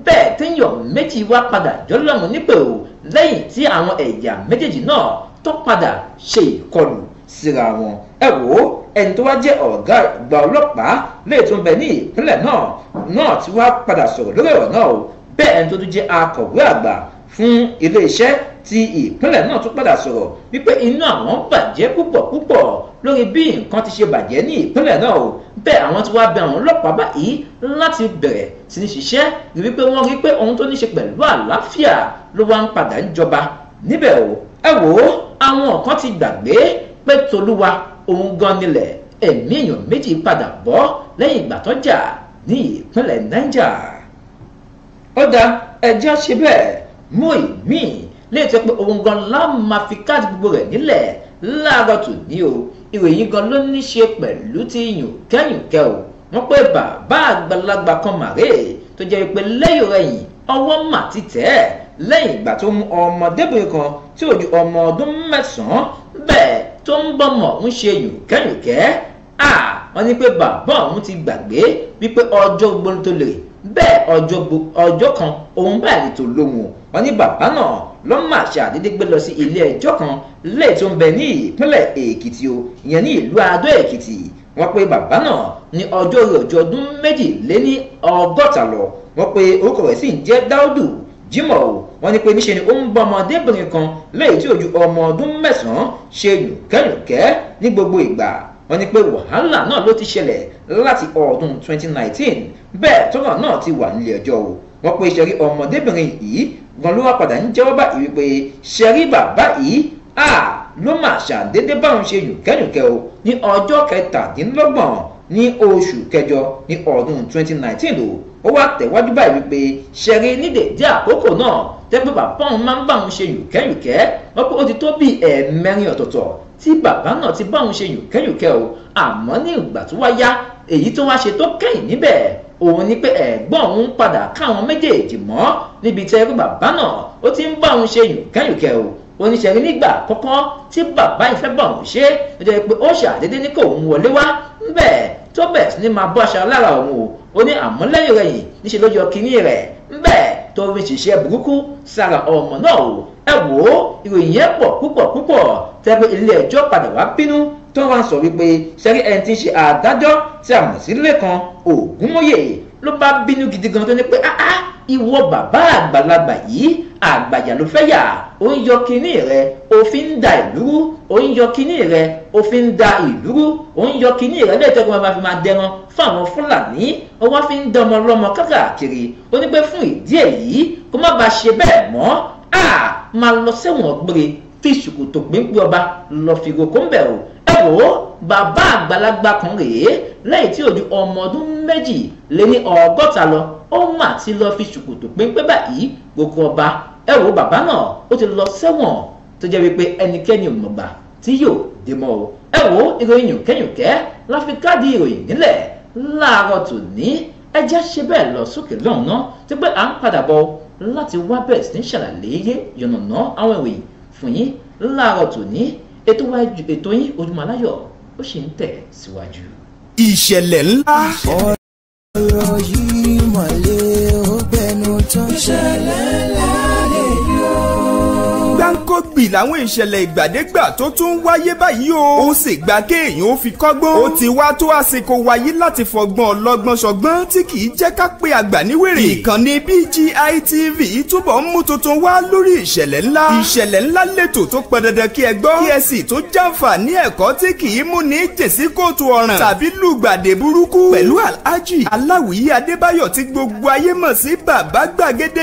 bẹ́ẹ̀ téèyàn méjì wá padà jọlọ́mù nípè o lẹ́yìn tí àwọn ẹ̀yà méjèèjì náà tó padà ṣe ìkọlù síra wọn ẹ wò ó ẹni tó wá jẹ́ ọ̀gá àgbà ọlọ́pàá lè tún bẹ ní ìpínlẹ̀ náà náà ti wá padà sọ̀rọ̀ lórí ọ̀rọ̀ náà o bẹ́ẹ̀ ẹni tó tún jẹ́ akọ̀wé àgbà fún iléeṣẹ́ ti ìpínlẹ̀ náà tún padà sọ̀rọ̀ wípé inú àwọn bàjẹ́ púpọ̀ púpọ̀ lórí bí nǹkan ti ṣe bàjẹ́ ní ìpínlẹ̀ náà o bẹ́ẹ̀ àwọn tí wàá bẹ àwọn ọlọ́pàá báyìí láti bẹ̀rẹ̀ sí ní ṣiṣẹ́ rí wípé wọ́n rí pé ohun tó ní ṣe pẹ̀lú àlàáfíà ló wá ń padà ń jọba níbẹ̀ o ẹ wò àwọn kan ti gbàgbé pé tolúwa òun gan nílẹ̀ ẹ̀mí èèyàn méjì padà bọ́ lẹ́yìn ìgbà tó jà ní ìpínlẹ̀ Niger. ó dá ẹjẹ́ ṣe bẹ́ẹ̀ mú ìmí léè tó pé òun gan lá máa fi káàdì gbogbo rẹ̀ nílẹ̀ láàárọ̀ tù ní o ìròyìn gan ló ní ṣe pẹ̀lú ti yùn kẹ́yìn kẹ́ o wọ́n pé bàbá àgbàlagbà kan màrèé tó jẹ́ pé lẹ́yìn rẹ̀yìn ọwọ́ mà ti tẹ̀ lẹ́yìn ìgbà tó mú ọmọdébìnrin kan tí ò ju ọmọ ọdún mẹ́sàn-án tó ń bọ́mọ̀ ń ṣe yùnkẹ́yùnkẹ́ à wọ́n ní pé bàbá òun ti gbàgbé wípé ọjọ́ gbogbo tó lè bẹ́ẹ̀ ọjọ́ kan òun báyìí lè tó lóhùn wọ́n ní bàbá náà ló mà ṣàdédé gbé lọ sí ilé ẹjọ́ kan lẹ́yìn tó ń bẹ ní ìpínlẹ̀ èkìtì o ìyẹn ní ìlú adó èkìtì wọ́n pe bàbá náà ní ọjọ́ rẹ̀ ọdún méjì lé ní ọgọ́ta lọ wọ́n pe orúkọ rẹ̀ sì ń jẹ́ dáúdù Jimoh o wọ́n ní pé níṣe ni ó ń bọ́ ọmọdébìnrin kan lẹ́yìn tí ò ọmọ ọdún mẹ́sàn ṣe yùnkẹ́yùnkẹ́ ní gbogbo ìgbà wọ́n ní pé wàhálà náà ló ti ṣẹlẹ̀ láti ọdún 2019 bẹ́ẹ̀ tọ́rọ̀ náà ti wà nílé ẹjọ́ o wọ́n pe ṣẹ́rí ọmọdébìnrin yìí gan ló wá padà ń jẹ́wọ́ báyìí wípé ṣẹ́rí bàbá yìí à ló mà ṣàdédé báwọn ṣe yùnkẹ́yùnkẹ́ o ní ọjọ́ kẹtàdínlọ́gbọ̀n ní oṣù kẹjọ ní ọdún 2019 o ó wá tẹ̀wájú báyìí wípé ṣẹ̀rí nídèé àkókò náà tẹ́gbẹ́ bàbá òun máa ń bá òun ṣe yùkẹ́yùkẹ́ wọ́n pé ó ti tó bí ẹ̀ẹ̀mẹrin ọ̀tọ̀ọ̀tọ̀ tí bàbá náà ti bá òun ṣe yùkẹ́yùkẹ́ o àmọ́ ní ìgbà tó wá yá èyí tó wá ṣe tó kẹ́yìn níbẹ̀ òun ni pé ẹ̀gbọ́n òun padà káwọn méjèèjì mọ́ níbi tẹ́ pé bàbá náà ó ti ń bá òun ṣe yùkẹ́yùkẹ́ o oníṣẹ́rí nígbà àkọ́kọ́ tí bàbá ìfẹ́ bá òun ṣe ó jẹ́ pé ó ṣàdédé ní kò òun wọlé wá ń bẹ̀ tó bẹ̀ sí ni máa bọ́ aṣọ lára òun o ó ní àmúlẹ́yìn rẹ̀ yìí níṣẹ́ lójú ọkìnrí rẹ̀ ńbẹ̀ tó fi ṣiṣẹ́ burúkú sára ọmọ náà o ẹ wò ó ìròyìn yẹn pọ̀ púpọ̀ púpọ̀ tẹ́gbẹ́ ilé ẹjọ́ padà wá bínú tó wá sọ wípé ṣẹ́rí ẹni tí ń ṣe àdájọ́ tí a mọ̀ sí Lékan Ògúnmóyè ló bá bínú gidi gan tó ní pé ah ah ìwọ bàbá àgbàlagbà yìí àgbàyà ló fẹ́ yà ó ń yọ kinní rẹ ó fi ń da ìlúrú ó ń yọ kinní rẹ ó fi ń da ìlúrú ó ń yọ kinní rẹ lẹ́ẹ̀tọ́ kí wọ́n máa fi máa dẹran fún àwọn fúlàní ó wá fi ń dánmọ lọ́mọ káàkiri ó ní pé fún ìdí èyí kó má bàa ṣe bẹ́ẹ̀ mọ́ à máa lọ sẹ́wọ̀n gbére fi ṣòkòtò gbẹ́ngbẹ́ ọba lọ fi roko ń bẹ̀ wò bàbá àgbàlagbà kan rèé lẹ́yìn tí ò ju ọmọ ọdún méjì lé ní ọgọ́ta lọ ó mà ti lọ fi ṣòkòtò pínpín báyìí gbogbo ọba ẹ wò bàbá náà ó ti lọ sẹ́wọ̀n tó jẹ́ wípé ẹnikẹ́ni ò mọ̀gbà tí yóò dé mọ́ o ẹ wò ìròyìn yùnkẹ́yùnkẹ́ la fi káàdì ìròyìn nílẹ̀ láàárọ̀ tòní ẹ jẹ́ ṣe bẹ́ẹ̀ lọ sókè lọ́hùn náà tí pé à ń padà bọ̀ láti wá bẹ̀rẹ̀ sí ní ṣàlàyé yọ̀nàná àwọn ìròyìn fún yín láàárọ̀ tòní ètò wa ètò yín Ojúmọ́ Aláyọ̀ ó sì ń tẹ̀ síwájú. ìṣẹ̀lẹ̀ ńlá. bì láwọn ìṣẹ̀lẹ̀ ìgbàdégbà tó tún ń wáyé báyìí o. ó sì gba kéèyàn ó fi kọ́gbọ́n. ó ti wá tó àsìkò wáyé láti fọgbọ́n ọlọ́gbọ́n ṣọgbọ́n tí kì í jẹ́ ká pé àgbà níwèrè. ìkànnì BGI TV túbọ̀ ń mú tuntun wá lórí ìṣẹ̀lẹ̀ ńlá. ìṣẹ̀lẹ̀ ńlá lètò tó pẹ́ dandan kí ẹ gbọ́. kí ẹ sì tó jàǹfààní ẹ̀kọ́ tí kì í mú ní tèsí kóòtù ọ̀ràn. tàbí lùgbàdì burúkú. pẹ̀lú alhaji aláwìyí adébáyọ̀ tí gbogbo ayé mọ̀ sí bàbá gbàgede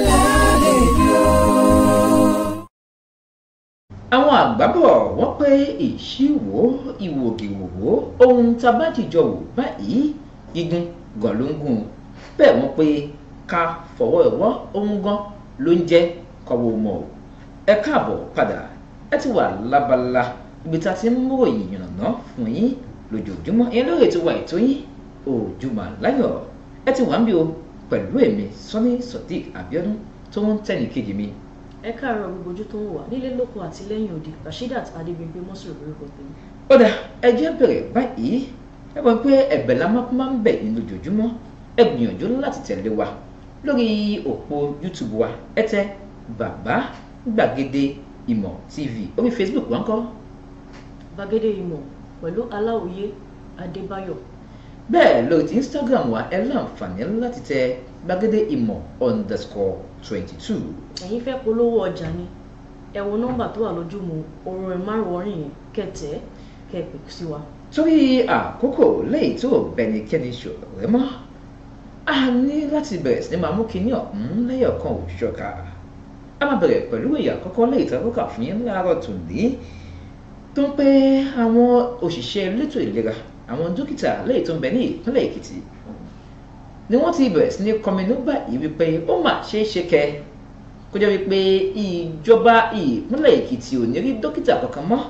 àwọn àgbábọ̀ wọ́n pé ìṣíwò ìwòkèwòwò ohun tá a bá dìjọ wò báyìí igun gan ló ń gùn bẹ́ẹ̀ wọ́n pé ká fọwọ́ ìwọ́ ohun gan ló ń jẹ́ kọ́wọ́ mọ́ o ẹ káàbọ̀ padà ẹ ti wà lábala ibi tá a ti ń mú ròyìn ìrànná fún yín lójoojúmọ́ ìyẹn lórí ètò wa ètò yín Ojúmọ́ Láyọ̀ ẹ ti wà ń bí o pẹ̀lú èmi Sọ́ní Sodiq Abíọ́dún tó ń tẹ̀lé kejì mi ẹ káàárọ̀ gbogbo ojú tó ń wà nílé lóko àti lẹ́yìn òde rasheedat adébíyí mọ́sùlùmí lórúkọ tèmi. ó dà ẹ jẹ́ bẹ̀rẹ̀ báyìí ẹ mọ̀ pé ẹ̀bẹ̀ la máa ń bẹ̀ nínú ojoojúmọ́ ẹ gbìyànjú láti tẹ̀lé wa lórí òpó youtube wa ẹ tẹ bàbá gbàgede ìmọ̀ tv orí facebook wọn kọ́. gbàgede ìmọ̀ pẹ̀lú aláwòye adébáyọ̀. bẹ́ẹ̀ lórí ti instagram wa ẹ láǹfààní láti tẹ gbàgede ìmọ̀ underscore twenty two. ẹ̀yin fẹ́ polówó ọjà ni ẹ wo nọ́mbà tó wà lójú mu orin márùn-ún yẹn kẹtẹ́ kẹpẹ́ sí wa. torí àkókò léyìí tó bẹnikẹ́ni ṣòro mọ́ a ní láti bẹ̀rẹ̀ sí ni máa mú kinní ọ̀hún lẹ́yọ̀kan òṣìṣọ́ ká a máa bẹ̀rẹ̀ pẹ̀lú ìyá àkọ́kọ́ léyìí tó kọ́kà fún yín láàárọ̀ tòní tó ń pé àwọn òṣìṣẹ́ elétò ìlera àwọn dókítà léyìí tó ń bẹ ní ìpínlẹ̀ Èkìtì ni wọ́n ti bẹ̀rẹ̀ sí ní kọminú báyìí wípé ó mà ṣeé ṣe kẹ́ kó jẹ́ wípé ìjọba ìpínlẹ̀ Èkìtì ò ní rí dókítà kankan mọ́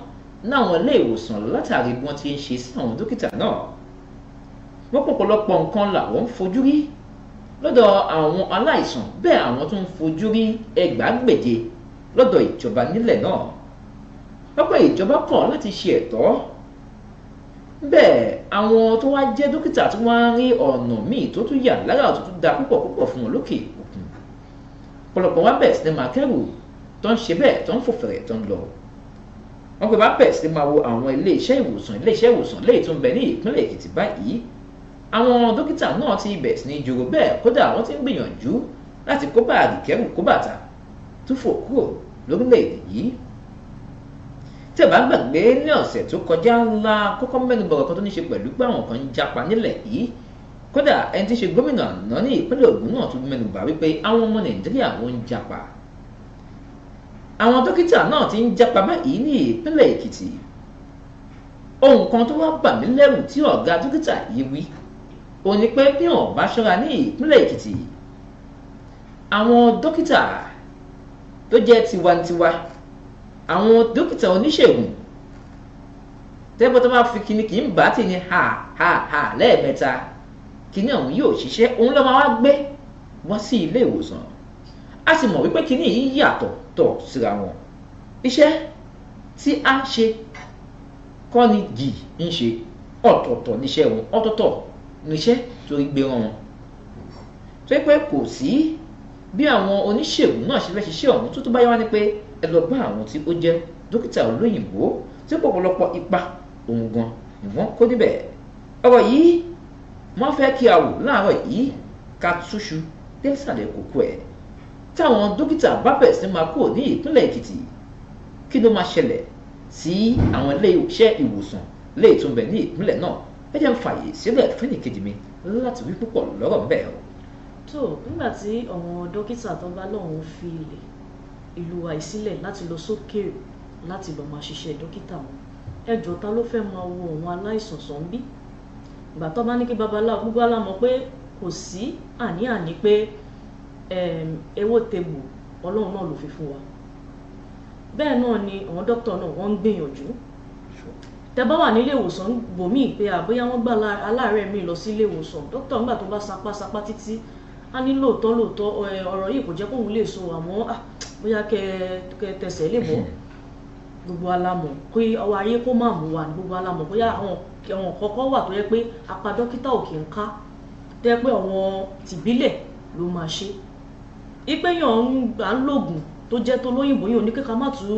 láwọn ilé ìwòsàn látàrí bí wọ́n ti ń ṣe sí àwọn dókítà náà wọ́n pọ̀pọ̀lọpọ̀ nǹkan làwọn ń fojú rí lọ́dọ̀ àwọn aláìsàn bẹ́ẹ̀ àwọn tó ń fojú rí ẹgbàágbèje lọ́dọ̀ ìjọba nílẹ̀ náà lọ́pọ̀ ìjọba kọ̀ láti ṣe ẹ̀tọ́ bẹ́ẹ̀ àwọn tó wá jẹ́ dókítà tí wọ́n á rí ọ̀nà míì tó tún yà lára tó tún da púpọ̀ púpọ̀ fún wọn lókè òkun ọ̀pọ̀lọpọ̀ wá bẹ̀rẹ̀ sí ni máa kẹ́rù tó ń ṣe bẹ́ẹ̀ tó ń fò fẹ̀rẹ̀ tó ń lọ wọn pè bá bẹ̀rẹ̀ sí ni máa wo àwọn ilé iṣẹ́ ìwòsàn ilé iṣẹ́ ìwòsàn léyìí tó ń bẹ ní ìpínlẹ̀ Èkìtì báyìí àwọn dókítà náà ti bẹ̀rẹ̀ sí ni jòrò bẹ́ẹ̀ kódà wọ́n ti ń gbìyànjú láti kó báàgì kẹ́rù túfò kúrò lórílẹ̀ yìí tẹ̀bá gbàgbé ní ọ̀sẹ̀ tó kọjá ńlá kókó mẹ́rin bọ̀rọ̀ kan tó ní ṣe pẹ̀lú pé àwọn kan ń japa nílẹ̀ yìí kódà ẹni tí ń ṣe gómìnà àná ní ìpínlẹ̀ Ògùn náà tún mẹ́nu bà wípé àwọn ọmọ Nàìjíríà wọn ń japa àwọn dókítà náà ti ń japa báyìí ní ìpínlẹ̀ Èkìtì ohun kan tó wá bà mí lẹ́rù tí ọ̀gá dókítà yìí wí ó ní pé bí wọn bá ṣọ́ra ní ìpínlẹ̀ Èkìtì àwọn dókítà tó jẹ́ tiwantiwa àwọn dókítà oníṣègùn tẹ́gbọ́n tó bá fi kíní kì í bá tì ní ha ha ha lẹ́ẹ̀mẹ́ta kíní ọ̀hún yóò ṣiṣẹ́ òun ló máa wá gbé wọ́n sí ilé ìwòsàn a sì mọ̀ wípé kíní yìí yàtọ̀ tọ̀ síra wọn iṣẹ́ tí a ṣe kọ́ ni jì ń ṣe ọ̀tọ̀ọ̀tọ̀ níṣẹ́ wọn ọ̀tọ̀ọ̀tọ̀ níṣẹ́ tó gbé wọn tó pé kò sí bí àwọn oníṣègùn náà ṣe fẹ́ ṣiṣẹ́ ọ̀hún tó tó bá wá ni pé ẹ lọ bá àwọn tí ó jẹ́ dókítà olóyìnbó tí pọ̀pọ̀lọpọ̀ ipa òun gan ni wọ́n kó níbẹ̀ ọ̀rọ̀ yìí wọ́n fẹ́ kí a wò láàárọ̀ yìí ká túṣu désàlẹ̀ kókó ẹ̀ táwọn dókítà bá bẹ̀rẹ̀ sí máa kúrò ní ìpínlẹ̀ Èkìtì kí ló máa ṣẹlẹ̀ sí àwọn ilé iṣẹ́ ìwòsàn lè tún bẹ̀ ní ìpínlẹ̀ náà ẹ jẹ́ ń fààyè sílẹ̀ fún ìkejì mi láti wí púpọ̀ lọ́rọ̀ ń bẹ̀ ọ́. tó nígbà tí àwọn dókítà tó bá lóun fi ilẹ̀ ìlú wa ìsílẹ̀ láti lọ sókèèrè láti lọ máa ṣiṣẹ́ dókítà wọn ẹjọ́ ta ló fẹ́ máa wo àwọn aláìsàn sàn bí ìgbà tó bá ní kí babaláwo gbogbo alámọ̀ pé kò sí àní-àní pé ewó tegbò ọlọ́run náà ló fi fún wa bẹ́ẹ̀ náà ni àwọn dókítà náà wọ́n ń gbìyànjú tẹ bá wà nílé ìwòsàn bòmíì pé àbóyá wọ́n gbà aláàárẹ̀ míì lọ sí ilé ìwòsàn dókítà ńgbà tó bá sapá sapá títí á ní lóòótọ́ lóòótọ́ ọ̀rọ̀ yìí kò jẹ́ kóun lè so àmọ́ ah, bóyá kẹ tẹsẹ̀ lè bọ́ gbogbo alamọ̀ pé ọwọ́ ayé kó má mú wa ní gbogbo alamọ̀ bóyá àwọn kọ́kọ́ wà tó yẹ pé apá dókítà ò kì í ká tó yẹ pé àwọn tìbílẹ̀ ló máa ṣe ìpéyàn à ń lògùn tó jẹ́ tó lóyìnbó yìí ní ká má tún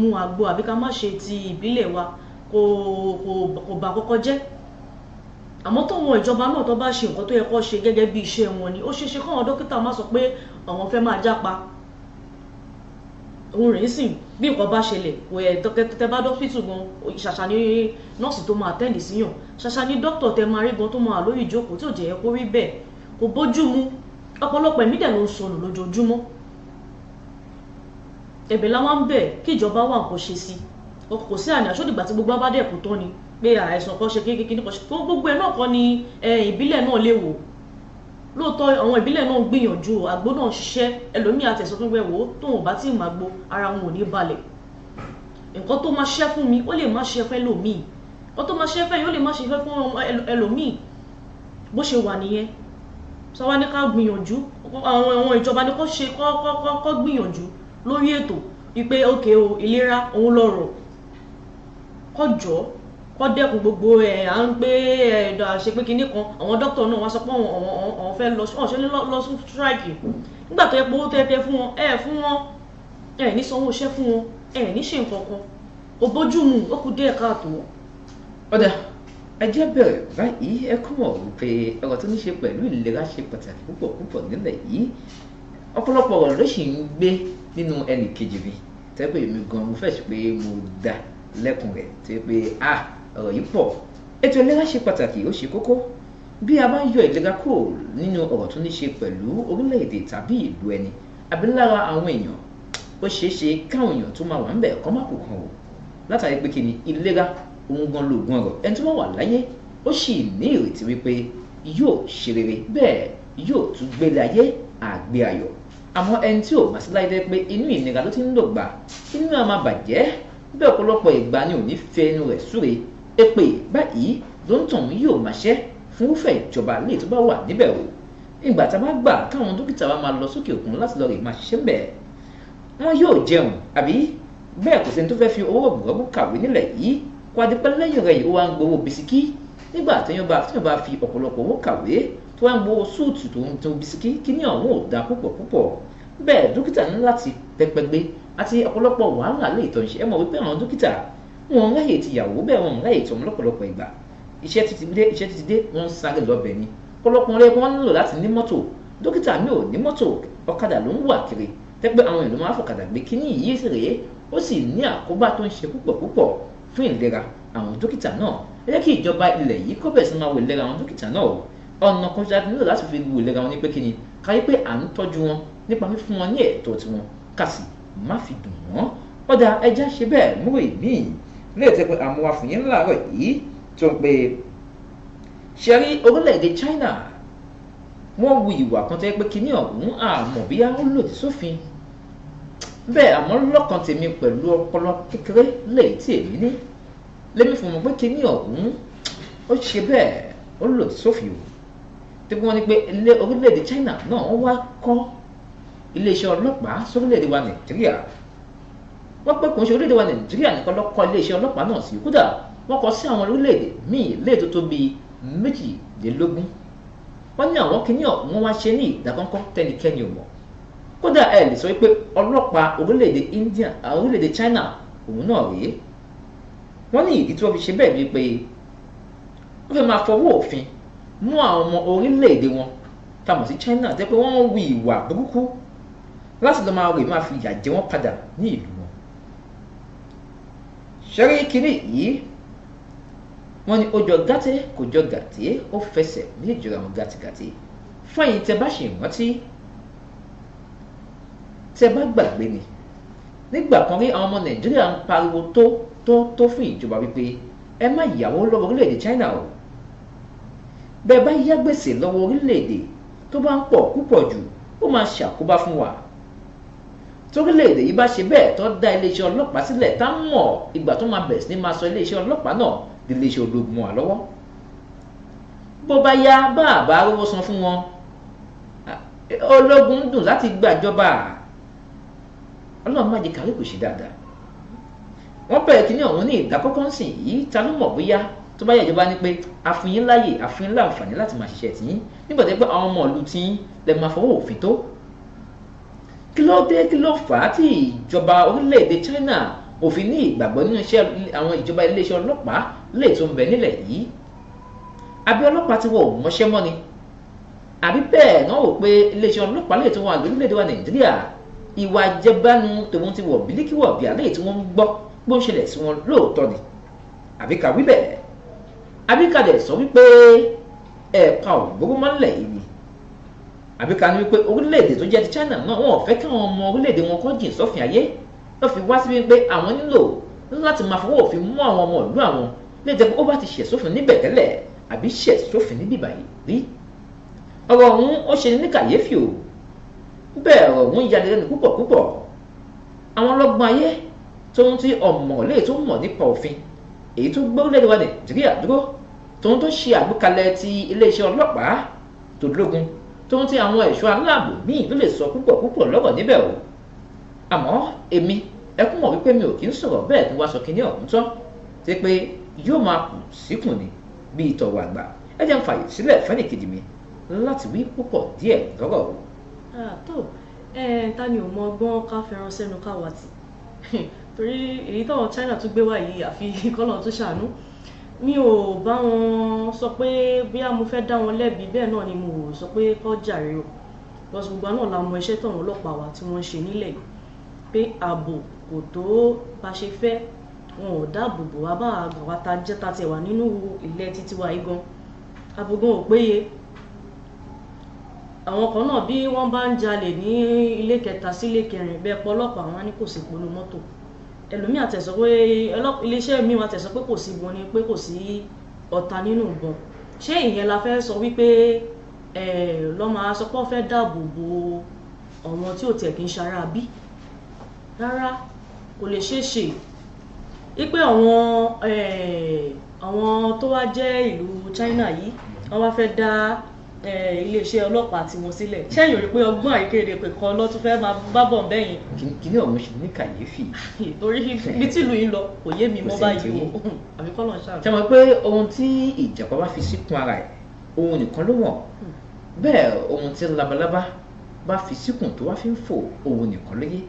mú àgbo àbí ká má ṣe ti ìbílẹ̀ wa kò kò kò kọ́kọ́ jẹ́ àmọ́ tọ́wọn ìjọba náà tó bá ṣe nǹkan tó yẹ kó ṣe gẹ́gẹ́ bí iṣẹ́ wọn ni ó ṣeé ṣe káwọn dókítà má sọ pé àwọn fẹ́ máa jápa òun rèé sìn bí nǹkan bá ṣẹlẹ̀ kò ẹ̀ bá dọ́pítù gan ṣàṣà ni nọ́ọ̀sì tó máa tẹ́lẹ̀ síyàn ṣàṣà ni dókítà tẹ máa rí gan tó máa lórí ìjókòó tí ò jẹ́ kó rí bẹ́ẹ̀ kò bójú mu ọ̀pọ̀lọpọ̀ ẹ̀mí dẹ̀ ló ń sọnù lójoojúmọ́ ẹ̀bẹ̀ làwọn ń bẹ̀ kí ìjọba wà nǹkan ṣe sí kò sí àní àṣọ́dìgbà tí gbogbo abádẹ́ẹ̀kú tán ni pé àìsàn kan ṣe kékeré kan ṣe kó gbogbo ẹ̀ náà kọ́ ni ìbílẹ̀ náà lè wò lóòótọ́ àwọn ìbílẹ̀ náà gbìyànjú àgbo náà ṣiṣẹ́ ẹlòmíì àtẹ̀sọ́ fún wẹ̀wò tóun bá tí ì máa gbo ara wọn ò ní balẹ̀ nǹkan tó máa ṣẹ́ fún mi ó lè má ṣe fẹ́ lòmíì nǹkan tó máa ṣe fẹ́ yìí ó lè má ṣe fẹ́ fún ẹlòmíì bó ṣe wà nìyẹn sọwọ́n ní ká gbìyànjú àwọn àwọn ìjọba ní kó ṣe kọ́ gbìyànjú lórí ètò wípé ókè o ìlera òun lọ̀rọ̀ kọjọ́ kọ́ dẹ́kun gbogbo ẹ̀ à ń gbé ẹ̀dọ̀ àṣepé kinní kan àwọn dókítà náà wọ́n sọ pé àwọn fẹ́ lọ sí ọ̀ṣẹ́ lọ sí strike nígbà tó yẹ pé owó tẹ́tẹ́ fún wọn ẹ̀ fún wọn ẹ̀ ní sanwó iṣẹ́ fún wọn ẹ̀ ní ṣe nǹkan kan ò bójú mu ó kù díẹ̀ káàtó. ọ̀dà ajá bẹ̀rẹ̀ báyìí ẹ kú mọ̀ wípé ọ̀rọ̀ tó ní ṣe pẹ̀lú ìlera ṣe pàtàkì púpọ̀ púpọ̀ nílẹ̀ yìí ọ̀pọ̀lọpọ̀ ọ̀rọ̀ ló sì ń gbé nínú ẹnì kejì mi tẹ́ pé èmi gan mo fẹ́ sọ pé mo dá lẹ́kùn rẹ̀ tẹ́ pé ah ọ̀rọ̀ yìí pọ̀ ètò ìlera ṣe pàtàkì ó ṣe kókó bí a bá ń yọ ìlera kúrò nínú ọ̀rọ̀ tó ní ṣe pẹ̀lú orílẹ̀-èdè tàbí ìlú ẹni àbí lára àwọn èèyàn ó ṣeé ṣe káwọn èèyàn tó máa wà ń bẹ̀ kọ́ má kò kàn ó látàrí pé kíni ìlera òun gan lóògùn ọ̀rọ̀ ẹni tó bá wà láyé ó sì ní ìrètí wípé yóò ṣe rere bẹ́ẹ̀ yóò tún gbélé ayé àgbé ayọ̀ àmọ́ ẹni tí ò máa sí láyé pé inú ìnira ló ti ń lògbà inú àmàbàjẹ́ bẹ́ẹ̀ ọ̀pọ̀lọpọ̀ ìgbà èpè báyìí ló ń tàn yóò máa ṣẹ́ fún irúfẹ́ ìjọba lè tó bá wà níbẹ̀ o ìgbà tá a bá gbà káwọn dókítà wa máa lọ sókè òkun láti lọ rè máa ṣiṣẹ́ bẹ̀ wọ́n yóò jẹun àbí bẹ́ẹ̀ kò sẹ́ni tó fẹ́ fi owó rọ̀bùrọ̀bù kàwé nílẹ̀ yìí kó a di pẹ́ lẹ́yìn rẹ̀ yìí ó wá ń gbowó bisikí nígbà téèyàn bá téèyàn bá fi ọ̀pọ̀lọpọ̀ owó kàwé tó wá ń gbowó súùtù tó ń tó bisikí kí ní ọ̀hún ò da púpọ̀ púpọ̀ bẹ́ẹ̀ dókítà ní láti pẹpẹgbé àti ọ̀pọ̀lọpọ̀ wàhálà lè tọ̀ ṣe ẹ mọ̀ wípé àwọn dókítà wọn ráyè ti yàwó bẹ́ẹ̀ wọn ráyè ti ọmọ lọ́pọ̀lọpọ̀ ìgbà iṣẹ́ títí dé iṣẹ́ títí dé wọ́n ń sáré lọ́bẹ̀ ni ọlọ́kùnrin wọn nílò láti ní mọ́tò dókítà mi ò ní mọ́tò ọ̀kadà ló ń wà kiri tẹ́gbẹ́ àwọn ìlú máa fọ̀kadà gbé kíní yìí sì rèé ó sì ní àkóbá tó ń ṣe púpọ̀ púpọ̀ fún ìlera àwọn dókítà náà ẹ jẹ́ kí ìjọba ilẹ̀ yìí kó bẹ̀rẹ̀ sí máa wo ìlera àwọn dókítà náà o ọ̀nà kan ṣáà nílò láti fi wo ìlera wọn ní pé kíni ká pé à ń tọ́jú wọn nípa fífún wọn ní ẹ̀tọ́ tiwọn ká sì má fi dùn wọ́n ọ̀dà ẹja ṣe bẹ́ẹ̀ múrò ìmíì ilé ìtẹ́ pé àmúwa fún yín láàárọ̀ yìí tó ń pe China wọ́n wu ìwà kan tẹ́ pé kíní ọ̀hún àmọ́ bí a ó lòdì sófin bẹ́ẹ̀ àmọ́ lọ́kàn tèmi pẹ̀lú ọpọlọ kékeré lẹ́yìn tí èmi ní lẹ́mi fún mi pé kíní ọ̀hún ó ṣe bẹ́ẹ̀ ó lòdì China náà wọ́n wá kọ́ iléeṣẹ́ ọlọ́pàá sórílẹ̀-èdè wa Nàìjíríà wọ́n pé kò ń ṣe orílẹ̀-èdè wa nàìjíríà nìkan lọ́kọ́ iléeṣẹ́ ọlọ́pàá náà sí kódà wọ́n kọ sí àwọn orílẹ̀-èdè míì léè tó tó bíi méjìlélógún wọ́n ní àwọn kìíní ọ̀hún wá ṣe ní ìdákọ́ńkọ́ tẹnikẹ́ni ò mọ̀ kódà ẹ lè sọ pé ọlọ́pàá orílẹ̀-èdè India orílẹ̀-èdè China òun náà rèé wọ́n ní ìdí tí wọ́n fi ṣe bẹ́ẹ̀ bíi pé wọ́n fẹ́ máa fọwọ́ òfin mú àwọn ọmọ orílẹ̀-èdè wọn tamọ̀ sí China jẹ́ pé wọ́n ń wu ìwà burúkú láti lọ́ọ́ máa rè máa fi ìyà jẹ wọ́n padà ní ṣẹ́rí kínní yìí wọ́n ní ó jọ gàtẹ́ kò jọ gàtẹ́ ó fẹsẹ̀ méjì ra wọn gàtìgàtì fún ẹ̀yin tẹ bá ṣe ìrántí tẹ bá gbàgbé ni nígbà kan rí àwọn ọmọ nàìjíríà ń pariwo tó tó tó fún ìjọba wípé ẹ má yàwó lọ́wọ́ orílẹ̀-èdè china o bẹ́ẹ̀ bá yá gbèsè lọ́wọ́ orílẹ̀-èdè tó bá ń pọ̀ púpọ̀ jù ó máa ṣàkóbá fún wa torílẹ̀-èdè yìí bá ṣe bẹ́ẹ̀ tó dá iléeṣẹ́ ọlọ́pàá sílẹ̀ tá mọ̀ ìgbà tó máa bẹ̀rẹ̀ sí ní máa sọ iléeṣẹ́ ọlọ́pàá náà di iléeṣẹ́ ológun wà lọ́wọ́ bó bá yá bá àbá rówó san fún wọn ológun ń dùn láti gbàjọba ọlọ́run má jẹ́ kárí kò ṣe dáadáa wọ́n bẹ̀rẹ̀ kí ní ọ̀hún ní ìdákọ́kọ́ ń sìn yìí ta ló mọ̀ bóyá tó bá yẹ ìjọba ní pé àfihàn láàyè àfihàn láǹfààní láti máa ṣiṣẹ́ tìyín kí ló dé kí ló fà á tí ìjọba orílẹ̀-èdè China ò fi ní ìgbàgbọ́ nínú iṣẹ́ àwọn ìjọba iléeṣẹ́ ọlọ́pàá lè tó ń bẹ nílẹ̀ yìí àbí ọlọ́pàá ti wọ òmọṣẹ́ mọ́ni àbí bẹ́ẹ̀ náà wò pé iléeṣẹ́ ọlọ́pàá lè tó wà lórílẹ̀‐èdè wa Nàìjíríà ìwà jẹbánu tòun ti wọ̀ bílíkìwọ̀ bíi àlẹ́ tí wọ́n ń gbọ́ bó ń ṣẹlẹ̀ sí wọn lóòótọ́ ni àbí ká wí bẹ́ẹ̀ àbí ká dẹ̀ sọ wípé ẹ̀ka ògbógbó máa yìí àbí ká ní wípé orílẹ̀-èdè tó jẹ́ ti China náà wọn ò fẹ́ kí àwọn ọmọ orílẹ̀-èdè wọn kọ́ jìn sófin ayé lọ́ fi wá sí wípé àwọn nílò láti máa fọwọ́ òfin mú àwọn ọmọ ìlú àwọn léde bó bá ti ṣẹ̀ sófin níbẹ̀ tẹ́lẹ̀ àbí ṣẹ̀ sófin níbí báyìí rí ọ̀rọ̀ ọ̀hún ó ṣe ní kàyéfì o bẹ́ẹ̀ ọ̀rọ̀ ọ̀hún yanilẹ́nu púpọ̀ púpọ̀ àwọn ọlọ́gbọ́n ayé tó ń ti ọ̀mọ̀lé tó mọ̀ nípa òfin èyí tó gbé orílẹ̀-èdè wa Nàìjíríà dúró tó tó ṣe àgbékalẹ̀ ti iléeṣẹ́ ọlọ́pàá tó lógun tó ti àwọn ẹ̀ṣọ́ aláàbò míì ló lè sọ púpọ̀ púpọ̀ lọ́rọ̀ níbẹ̀ o àmọ́ èmi ẹkún mọ̀ wípé mi ò kí ń sọ̀rọ̀ bẹ́ẹ̀ tó wá sọ kínní ọ̀hún tán ti pé yóò máa kù síkùn ni bíi tọ̀wọ̀ àgbà ẹ jẹ́ ń fàyè sílẹ̀ fẹ́nìkejì mi láti wí púpọ̀ díẹ̀ lọ́rọ̀ o. tó ẹ ta ni ò mọ ọgbọ́n ká fẹ́ràn sẹ́nu káwàtì torí èyí táwọn China tún gbé wá yìí àfi kọ́lọ̀ tó ṣàánú mi ò bá wọn sọ pé bóyá mo fẹ́ dá wọn lẹ́bi bẹ́ẹ̀ náà ni mo sọ pé kó jàre o because gbogbo náà la mọ iṣẹ́ tọ̀hún ọlọ́pàá wa tí wọ́n ń ṣe nílẹ̀ yìí pé ààbò kò tó bá ṣe fẹ́ wọn ò dáàbò bò wá bá àgbàwá ta jẹ́ ta tiẹ̀ wà nínú ilẹ̀ títí wa yìí gan abogun ò péye àwọn kan náà bí wọ́n bá ń jalè ní ilé kẹta sí ilé kẹrin bẹ́ẹ̀ pọ́ ọlọ́pàá wọn á ní kò sí polú mọ́tò ẹlòmíì àtẹ̀sọ pé iléeṣẹ́ mi wà tẹ̀sọ pé kò sí ìbọn ni pé kò sí ọ̀tá nínú ìbọn ṣé ìyẹn la fẹ́ sọ wípé lọ́mọ asọpọ̀ fẹ́ dáàbò bo àwọn tí ò tẹ̀ kí ń ṣara bí rárá kò lè ṣeé ṣe wípé àwọn àwọn tó wá jẹ́ ìlú China yìí wọ́n wá fẹ́ dá iléeṣẹ́ ọlọ́pàá tí wọ́n sílẹ̀ ṣẹ́yìn rí pé ọgbọ́n àyíkéde pé kan lọ́tún fẹ́ máa bá bọ̀ ń bẹ́yìn. kíní ọ̀hún ṣe ní kàyéfì. torí bí tìlú yìí lọ kò yé mi mọ́ báyìí o àbí kọ́ lọ́n ṣàlùfẹ́. sọ pé ohun tí ìjàpá bá fi síkùn ara ẹ̀ ohun nìkan ló wọ̀n bẹ́ẹ̀ ohun tí labalábá bá fi síkùn tó wá fi ń fò ohun nìkan ló yé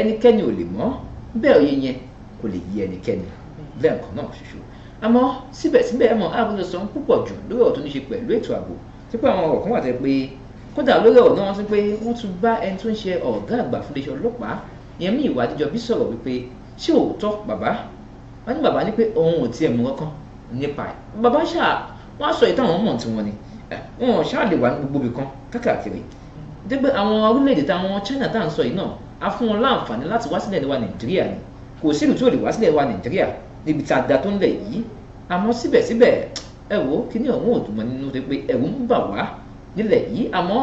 ẹnikẹ́ni ò lè mọ̀ bẹ́ẹ̀ òye yẹn kò lè yé ẹnikẹ́ni lẹ́ẹ̀kan náà ṣoṣo àmọ́ síbẹ̀síbẹ̀ ẹ̀mọ́ àbúrò sọ ń púpọ̀ jù lórí ọ̀tún ní ṣe pẹ̀lú ètò tí pé àwọn ọ̀rọ̀ kan pé kódà lórí ọ̀rọ̀ náà wọ́n sọ pé wọ́n tún bá ẹni tó ń ṣe ọ̀gá àgbà fún ọlọ́pàá ìyẹn mí ìwà àdíjọ bí sọ̀rọ̀ wípé ṣé òótọ́ bàbá wọ́n ní bàbá ní pé òun ò tiẹ̀ mú kankan nípa ẹ̀ bàbá ṣà wọ́n á sọ ìtàn àwọn mọ̀ tí ni wọn ò ṣáà lè wà ní gbogbo ibì kan káàkiri àwọn orílẹ̀-èdè táwọn China tá à ń sọ yìí náà a fún wọn láǹfààní láti wá sílẹ̀ wa Nàìjíríà ni kò sílùú tí ò lè wá sílẹ̀ wa Nàìjíríà níbi tí a da tó ń lẹ̀ yìí àmọ́ síbẹ̀síbẹ̀ ẹ wò ó kíní ọ̀hún ò dùn mọ́ ń bà wá nílẹ̀ yìí àmọ́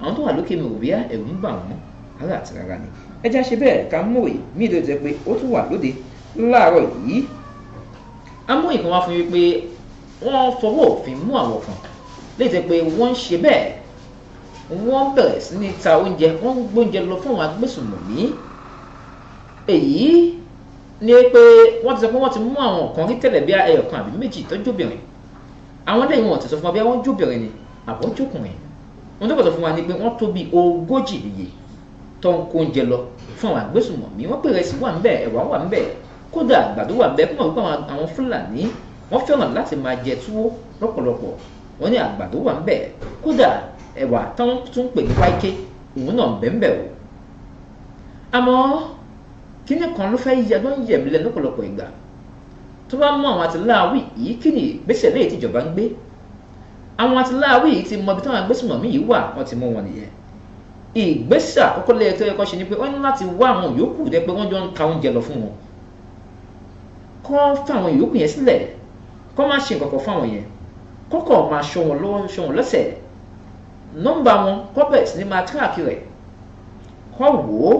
àwọn tó wà lókè mi ò bíyá ẹ̀rù ń bà wọ́n rárá àti rárá ni ẹ já ṣe bẹ́ẹ̀ ká mú òye mí ìdó jẹ pé ó tún wà lóde láàárọ̀ yìí amóyè kan wá fún mi pé wọ́n fọwọ́ òfin mú àwọn kan lè jẹ́ pé wọ́n ṣe bẹ́ẹ̀ wọ́n bẹ̀rẹ̀ sí ní ta oúnjẹ wọ́n ń gbóúnjẹ lọ fún àwọn agbésùnmọ̀mí èyí ni pé wọ́n ti sọ pé wọ́n ti mú àwọn kan rí tẹ́lẹ̀ bí ẹyọ̀kan àbí méjì tọ́jú obìnrin àwọn lẹ́yìn wọn ti sọ fún wa bí wọ́n jóbìnrin ni àbọ̀ jókùnrin wọn tó bọ̀ sọ fún wa ni pé wọ́n tó bí ogójì iye tó ń kó oúnjẹ lọ fún àwọn agbésùnmọ̀mí wọ́n pè rẹsì wà ń bẹ̀ ẹ̀wà wà ń bẹ̀ kódà àgbàdo wà bẹ́ẹ̀ kó mọ̀ wípé àwọn fúlàní wọ́n fẹ́ràn láti máa jẹ túwó lọ́pọ̀lọpọ̀ wọ́n ní àgbàdo wà ń bẹ̀ kódà ẹ̀wà táwọn tún pè ní wáíké òun náà ń bẹ̀ o àmọ́ ń yẹ̀ mí tó bá mú àwọn àtìláàwí yìí kí ni ìgbésẹ̀ lẹ́yìn tí ìjọba ń gbé àwọn àtìláàwí yìí ti mọ ibi táwọn agbésùnmọ̀mí yìí wà wọ́n ti mú wọn nìyẹn ìgbésẹ̀ àkọ́kọ́ lẹ́yìn tó yẹ kó ṣe ni pé wọ́n ní láti wá àwọn yòókù rẹ pé wọ́n jọ ń ka oúnjẹ lọ fún wọn kọ́ fáwọn yòókù yẹn sílẹ̀ kọ́ má ṣe nǹkan kan fáwọn yẹn kọ́kọ́ máa ṣọ́ wọn lọ́wọ́ ṣọ́ wọn lọ́sẹ̀ nọ́mbà wọn kọ́ bẹ̀rẹ̀ sí ni máa káàkiri kọ́ wò ó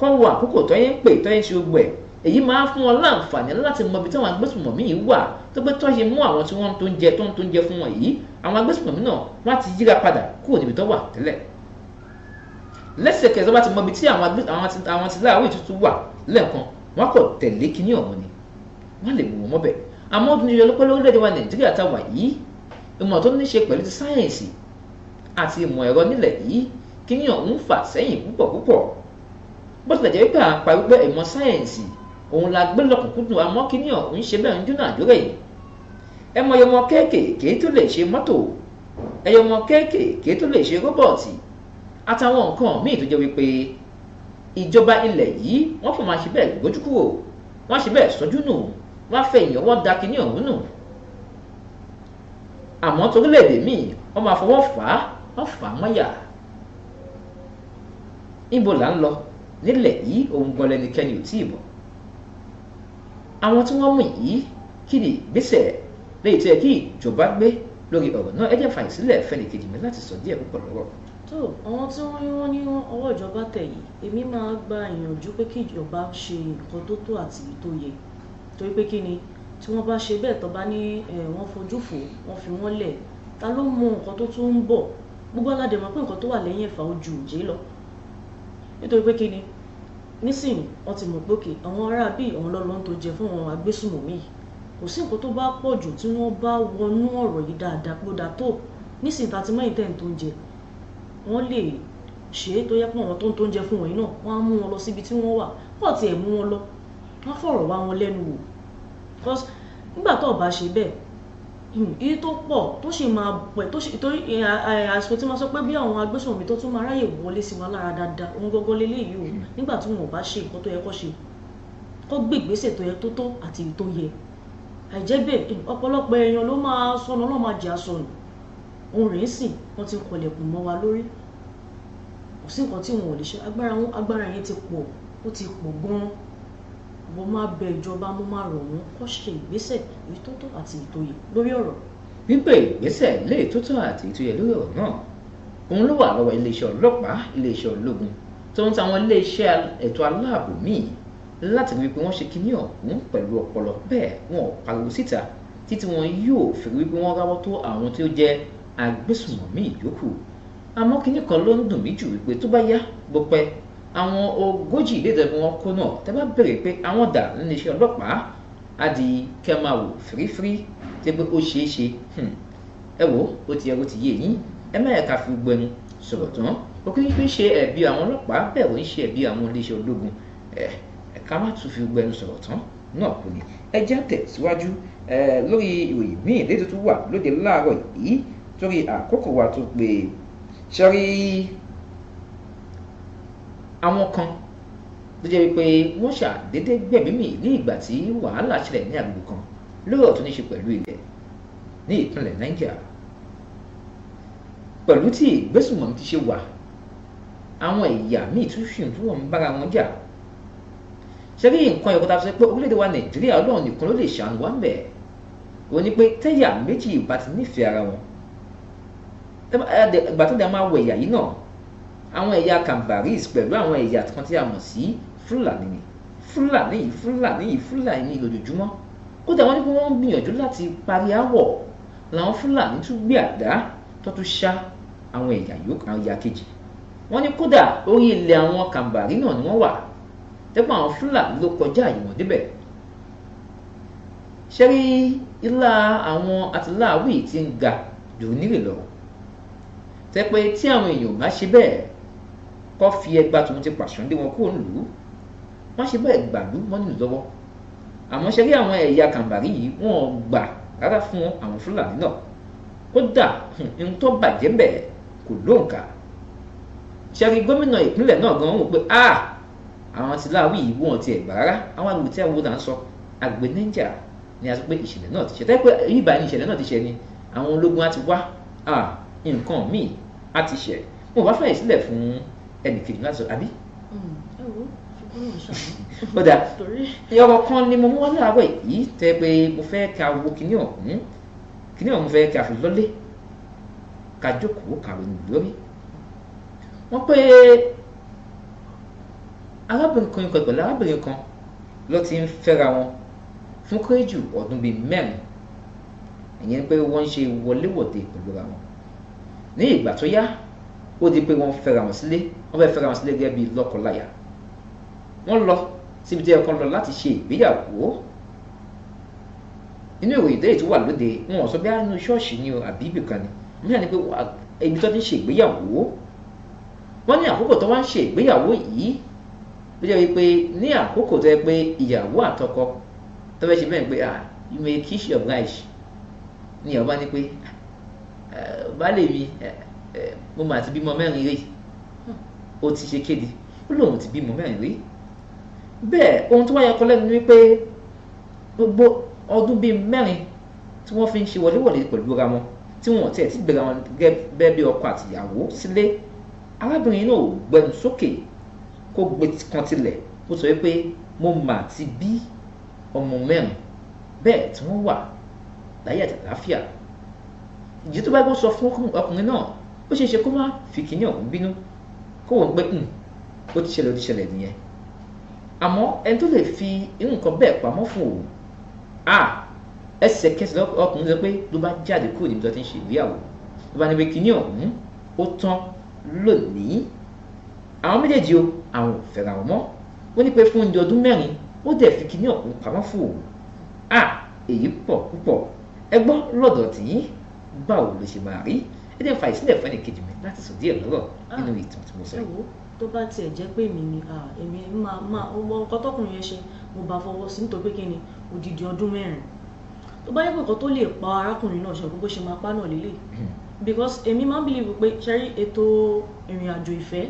kọ́ wo àkókò tó ń pè tó ń ṣe gbogbo ẹ̀ èyí máa fún wọn láǹfààní láti mọ tí àwọn agbésùnmọ̀mí yìí wà tó gbé tó ṣe mú àwọn tí wọ́n tó ń jẹ tó ń tó ń jẹ fún wọn yìí àwọn agbésùnmọ̀mí náà wọ́n á ti yíra padà kúrò níbi tó wà tẹ́lẹ̀ lẹ́sẹ̀kẹsẹ̀ wọ́n ti mọ tí àwọn àwọn ti láàwọ̀ ètùtù wà lẹ́ẹ̀kan wọ́n kò tẹ̀lé kíní ọ̀hún ni wọ́n lè wò wọ́n mọ́bẹ̀ àmọ́ ọdún yìí ọlọ́pẹ́ òun la gbé lọ́kùnkúndùn àmọ́ kíní ọ̀hún ṣe bẹ́ẹ̀ ń dúnà dúrè ẹ mọ ẹyọmọ kéékèèké tó lè ṣe mọ́tò ẹyọmọ kéékèèké tó lè ṣe róbọ̀tì àtàwọn nǹkan míì tó jẹ́ wípé ìjọba ilẹ̀ yìí wọ́n fò máa ṣe bẹ́ẹ̀ gbójú kúrò wọ́n ṣe bẹ́ẹ̀ sọ́jú nù wọ́n á fẹ́ èèyàn wọ́n da kíní ọ̀hún nù àmọ́ torílẹ̀-èdè míì wọ́n máa fọwọ́ fà á wọ́n fà á mọ́yà níbo là ń lọ nílẹ̀ yìí òun gan lẹnikẹ́ni ò tí ì àwọn tí wọ́n mú yìí kí ni ìgbésẹ̀ léyìí tó yẹ kí ìjọba gbé lórí ọ̀rọ̀ náà ẹ jẹ́ fàyè sílẹ̀ fẹ́nìkejì mi láti sọ díẹ̀ púpọ̀ lọ́rọ̀. tó àwọn tí wọ́n ní wọ́n ní ọwọ́ ìjọba tẹ̀ yìí èmi máa gba ìyànjú pé kí ìjọba ṣe nǹkan tó tó àti tó yẹ torí pé kí ni tí wọ́n bá ṣe bẹ́ẹ̀ tó ní wọ́n fojú fò wọ́n fi wọ́n lẹ̀ ta ló mọ nǹkan tó tún ń bọ̀ gbogbo aládé pé nǹkan tó wà lẹ́yìn ẹ̀fà ojú òjé lọ nítorí pé kí ni nísìnyí wọ́n ti mọ̀ pé òkè àwọn ará bíi àwọn lọ́lọ́ ń tó jẹ fún àwọn agbésùmọ̀mí yìí kò sí nǹkan tó bá pọ̀ jù tí wọ́n bá wọnú ọ̀rọ̀ yìí dáadáa pé ó dáa tó nísìnyí tá a ti mọ̀ ìtẹ́ tó ń jẹ wọ́n lè ṣe é tó yẹ pé àwọn tó ń tó ń jẹ fún wọ̀nyí náà wọ́n á mú wọn lọ síbi tí wọ́n wà pọ̀ tiẹ̀ mú wọn lọ wọ́n fọ̀rọ̀ wá wọn lẹ́nu wò nígbà tó bá ṣe bẹ́ẹ̀ Hmm, èyí tó pọ̀ tó sì máa pẹ̀ tó sì torí àsìkò tí wọ́n sọ pé bí àwọn agbésùnmí tó tún máa ráyè wọlé sí wọn lára dáadáa òun gbọ́gbọ́ lélẹ́yìí o hmm. nígbà tí wọn ò bá ṣe nǹkan tó yẹ kó ṣe kó gbé ìgbésẹ̀ tó yẹ tó tó àti èyí tó yẹ àìjẹ́ bẹ́ẹ̀ hmm, ọ̀pọ̀lọpọ̀ èèyàn ló máa sọnù ọlọ́ máa jẹ́ àsọnù òun rèé sìn wọ́n ti kọlẹ̀kùn mọ́ wa lórí kò sí nǹkan tí wọn mo máa bẹ ìjọba mo máa rọ̀ wọ́n kó ṣe ìgbésẹ̀ èyí tó tọ́ àti èyí tó yẹ lórí ọ̀rọ̀. gbígbé ìgbésẹ̀ lè tó tọ́ àti èyí tó yẹ lórí ọ̀rọ̀ náà òun ló wà lọ́wọ́ iléeṣẹ́ ọlọ́pàá iléeṣẹ́ ológun tó ń tàwọn iléeṣẹ́ ẹ̀tọ́ aláàbò míì láti rí pé wọ́n ṣe kíní ọ̀hún pẹ̀lú ọpọlọ bẹ́ẹ̀ wọn ò pariwo síta títí wọn yóò fi rí pé wọ́n ráwọ́ tó àwọn tí ó jẹ́ agbésùnmọ̀mí ìyókù àmọ́ kíní kan ló ń dùn mí jù wípé tó bá yá bó àwọn ogójì ìlédèmí wọn kó náà tẹ́ bá béèrè pé àwọn dà nínú iṣẹ́ ọlọ́pàá á di kẹ́ máa wò fírífírí tí pé ó ṣeé ṣe hmm. ẹ wò ó ti yẹ kó ti yé yín ẹ má yẹ ká fi gbẹnu sọ̀rọ̀ tán ó kí ń ṣe ẹ̀bi àwọn ọlọ́pàá bẹ́ẹ̀ wọ́n ń ṣe ẹ̀bi àwọn iléeṣẹ́ ológun ẹ̀ ká má tún fi gbẹnu sọ̀rọ̀ tán náà kò ní ẹ já tẹ̀síwájú lórí ìròyìn míì létí tó wà lóde láàárọ̀ yìí torí àkókò wa tó pé ṣẹ́rí àwọn kan tó jẹ́ wípé wọ́n ṣàdédé gbẹ̀mímì ní ìgbà tí wàhálà ṣẹlẹ̀ ní agbègbè kan lóòrò tó ní ṣe pẹ̀lú ilẹ̀ ní ìpínlẹ̀ Niger pẹ̀lú tí ìgbésùnmọ̀mí ti ṣe wà àwọn ẹ̀yà míì tún ṣì ń tún wọn bára wọn jà ṣe rí nǹkan ẹ̀kọ́ ta sọ pé orílẹ̀-èdè wa Nàìjíríà Ọlọ́run nìkan ló lè ṣàánú wá ń bẹ̀ ò ní pé tẹ́yà méjì ìbá ti nífẹ̀ẹ́ ara wọn ìgbà tó dẹ̀ máa wọ ẹ̀yà yìí náà àwọn ẹ̀yà Cambris pẹ̀lú àwọn ẹ̀yà kan tí a mọ̀ sí Fúlàní ni Fúlàní yìí Fúlàní yìí Fúlàní yìí lójoojúmọ́ kódà wọ́n ní pé wọ́n ń gbìyànjú láti parí àwọ̀ làwọn Fúlàní tún gbé àdá tó tún ṣá àwọn ẹ̀yà yòókù àwọn ẹ̀yà kejì wọ́n ní kódà orí ilẹ̀ àwọn Cambari náà ni wọ́n wà tẹ́pọ̀ àwọn Fúlàní ló kọjá àyèwọ̀n débẹ̀ ṣẹ́rí ilá àwọn àtìláàwì ti ń ga jù nílẹ̀ lọ tẹ́pẹ́ tí àwọn èèyàn bá ṣe bẹ́ẹ̀ kọ́ fi ẹgbà tòun ti pàṣán lé wọn kúrò nílùú wọ́n ṣe bẹ́ẹ̀ gbàlú mọ́nì lọ́wọ́ àmọ́ ṣe rí àwọn ẹ̀yà kàǹbàrí yìí wọ́n gbà rárá fún àwọn fúlàní náà kódà n tó bàjẹ́ bẹ́ẹ̀ kò lóǹkà ṣẹ́rí gómìnà ìpínlẹ̀ náà gan wò pé a àwọn ti láwí yìí wọ́n ti ẹ̀gbà rárá àwọn àgbè tí àwọn náà sọ àgbè níjà ni a sọ pé ìṣẹ̀lẹ̀ náà ti ṣe tẹ́ pé ibà ni ìṣẹ̀lẹ̀ náà ti ṣe ni àwọn ológun á ti wá nǹkan míì á ti ṣe mo bá fẹ̀yìn sílẹ̀ fún ẹnì kejì náà sọ àbí. ó dà ọ̀rọ̀ kan ni mo mú wá láàárọ̀ yìí tẹ́ pé mo fẹ́ ka wo kinní ọ̀hún kinní ọ̀hún fẹ́ ka fi lọ́lé ka jókòó kàròyìn lórí wọ́n pé arábìnrin kan ikọ̀ pẹ̀lú arábìnrin kan ló ti ń fẹ́ra wọn fún kéjù ọdún bíi mẹ́rin ìyẹn pé wọ́n ń ṣe wọléwọ̀de pẹ̀lú ra wọn ní ìgbà tó yá ó di pé wọ́n fẹ́ra wọn sílé wọ́n fẹ́ fẹ́ra wọn sílé gẹ́gẹ́ bíi lọ́kọláya wọ́n lọ síbi tí ẹ̀kọ́ lọ láti ṣe ìgbéyàwó inú ìròyìn dẹ́yìn tó wà lóde wọn sọ bí àánú ṣọ́ọ̀ṣì ni o àbí ibì kan ni wọ́n yà ní pé ibi tó ti ń ṣe ìgbéyàwó wọ́n ní àkókò tó wá ń ṣe ìgbéyàwó yìí ó jẹ́ wípé ní àkókò tó yẹ pé ìyàwó àtọkọ tó fẹ́ ṣe mẹ́rin pé ah you may kiss your bride ni ìyàwó bá ní pé baálé mi Eh, mo mà ti bímọ mẹ́rin rí ó ti ṣe kéde ó lóun ti bímọ mẹ́rin rí bẹ́ẹ̀ ohun tó wáyé ọkọ lẹ́nu ni pé gbogbo ọdún bíi mẹ́rin tí wọ́n fi ń ṣe wọléwọ̀lé pẹ̀lú ra wọn tí wọn tiẹ̀ ti gbéra wọn gẹ́gẹ́ bí ọkọ àtìyàwó sílé arábìnrin náà ò gbẹnu sókè kó gbé kan tilẹ̀ ó sọ pé mo mà ti bí ọmọ mẹ́rin bẹ́ẹ̀ tí wọ́n wà láyé àti àlàáfíà tó bá gbọ́ sọ fún ọkùnrin náà ó ṣeé ṣe kó má fi kíní ọ̀hún bínú kó wọ́n pé hmm, ó ti ṣẹlẹ̀ ó ti ṣẹlẹ̀ nìyẹn àmọ́ ẹni tó lè fi nǹkan bẹ́ẹ̀ pamọ́ fún òun a ẹsẹ̀kẹsẹ̀ ọkùnrin sọ pé ló bá jáde kúrò níbi tó ti ń ṣe ìgbéyàwó ló bá níbi kíní ọ̀hún ó tán lónìí àwọn méjèèjì o àwọn ò fẹ́ra wọn mọ́ ó ní pé fún oúnjẹ ọdún mẹ́rin ó dẹ̀ fi kíní ọ̀hún pamọ́ fún òun a èyí pọ̀ púpọ̀ ẹgbọ́n lọ́dọ̀ tí báwo ló ṣe máa rí ẹ jẹ́ fa ìsílẹ̀ fún ẹnìkejì mi láti sọ díẹ̀ lọ́rọ̀ ah. nínú ìtàn tí mo sọ yìí. tó bá tiẹ̀ jẹ́ pé mi ni èmi máa máa wọ ọkọ tọkùnrin yẹn ṣe mo bá fọwọ́ sí nítorí pé kí ni odidi ọdún mẹ́rin tó bá yẹ pé nǹkan tó lè pa arákùnrin náà ṣe bó ṣe máa pa náà lélẹ̀ hmm. because èmi máa ń believe pé ṣẹ́rí ètò ìrìn àjò ìfẹ́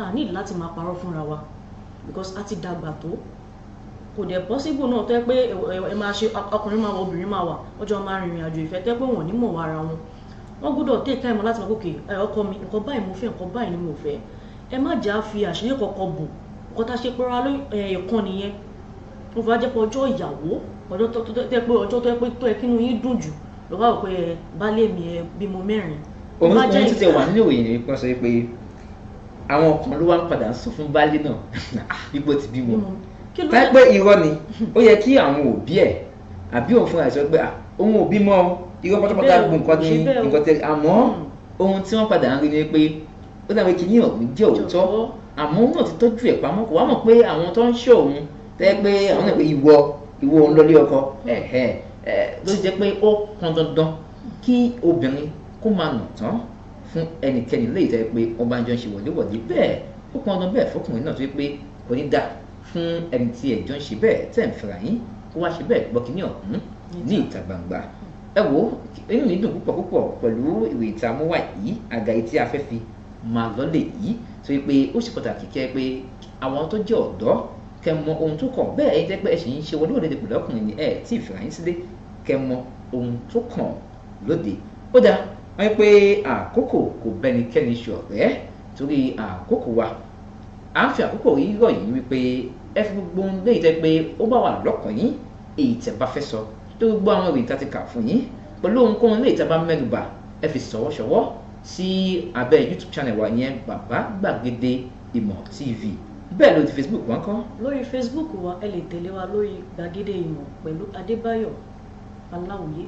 a need láti máa parọ́ fúnra wa because a ti dàgbà tó kò dẹ̀ possible náà tó yẹ pé ẹ máa ṣe ọkùnrin máa wọ obìnrin máa wà ọjọ́ máa rìnrìn àjò ìfẹ́ tẹ́ pé wọ́n ní mọ̀ wá ara wọn wọ́n gbọ́dọ̀ take time láti máa gòkè ọkọ mi nǹkan báyìí mo fẹ́ nǹkan báyìí ni mo fẹ́ ẹ má jà á fi àṣírí kọ̀ọ̀kan bò nǹkan tá a ṣe pẹ́ra ẹ̀ẹ̀kan nìyẹn mo fà á jẹ́ pé ọjọ́ ìyàwó ọjọ́ tó tẹ́ pé ọjọ́ tó pé tó ẹ kínú yín dùn jù ló bá wò pé baálé mi ẹ bímọ mẹ́rin. òun ti tẹ wà nínú ìròyìn nípa sọ pé àwọn kan ló wá ń padà sọ fún baálé náà ipò ah, ti bímọ táyé pé irọ́ ni ó yẹ kí àwọn òbí ẹ̀ àbí òun fúnra ẹ̀ sọ pé ah, òun ò bímọ irọ́ pátápátá gbogbo nǹkan ní nǹkan tẹ àmọ́ hmm. ohun tí wọ́n padà ń rí ni pé ó dàbí kìíní ọ̀hún jẹ́ òótọ́ àmọ́ òun náà ti tọ́jú ẹ̀ pamọ́ kò wá mọ̀ pé àwọn tó ń ṣe òun tẹ́ pé àwọn náà pé ìwọ ìwọ òun lọ́lé ọkọ ló jẹ́ pé ó pọn dandan kí obìnrin kó máa nù tán fún ẹnikẹ́ni léyìí tẹ́ pé wọ́n bá ń jọ ń ṣe wọ̀léwọ̀lé bẹ́ẹ̀ ó pọn dandan bẹ́ẹ̀ fọkùnrin náà tó yẹ pé kò ní dà fún ẹni tí ẹ̀jọ́ ń ṣe bẹ́ẹ̀ tẹ̀ ń fìrà yín kó wá ṣe bẹ́ẹ̀ gbọ́ kìíní ọ̀hún ní ìta gbangba ẹ wo inú mi dùn púpọ̀ púpọ̀ pẹ̀lú ìwé ìta amúwá yìí àgàyè tí a fẹ́ fi máa lọ́lẹ̀ yìí tó yẹ pé ó ṣe pàtàkì kẹ́ ẹ pé àwọn tó jẹ́ ọ̀dọ́ kẹ́ mọ ohun tó kàn bẹ́ẹ̀ ẹ jẹ́ pé ẹ sì ń ṣe wọn lóde pẹ̀lú ọkùnrin ni ẹ tí ì fìlà yín sílé kẹ́ mọ ohun tó kàn lóde ó dáa wọ́n pé àkókò kò bẹ́nikẹ́ni ṣọ̀rẹ́ torí àkókò wa à ń fi àkókò yìí yìí wípé ẹ fi gbogbo ohun léyìí tẹ́ pé ó bá wà lọ́kàn yín èyí tẹ́ bá fẹ́ sọ tó gbọ́ àwọn ìròyìn tá a ti kà fún yín pẹ̀lú ohunkóhun lè tàbá mẹ́rùbà ẹ fi ṣọwọ́ṣọwọ́ sí abẹ́ youtube channel wa yẹn bàbá gbàgede ìmọ̀ tv bẹ́ẹ̀ lórí facebook wọn kọ́. lórí facebook wa ẹ lè tẹ̀lé wa lórí gbàgede ìmọ̀ pẹ̀lú adébáyọ̀ aláwòye.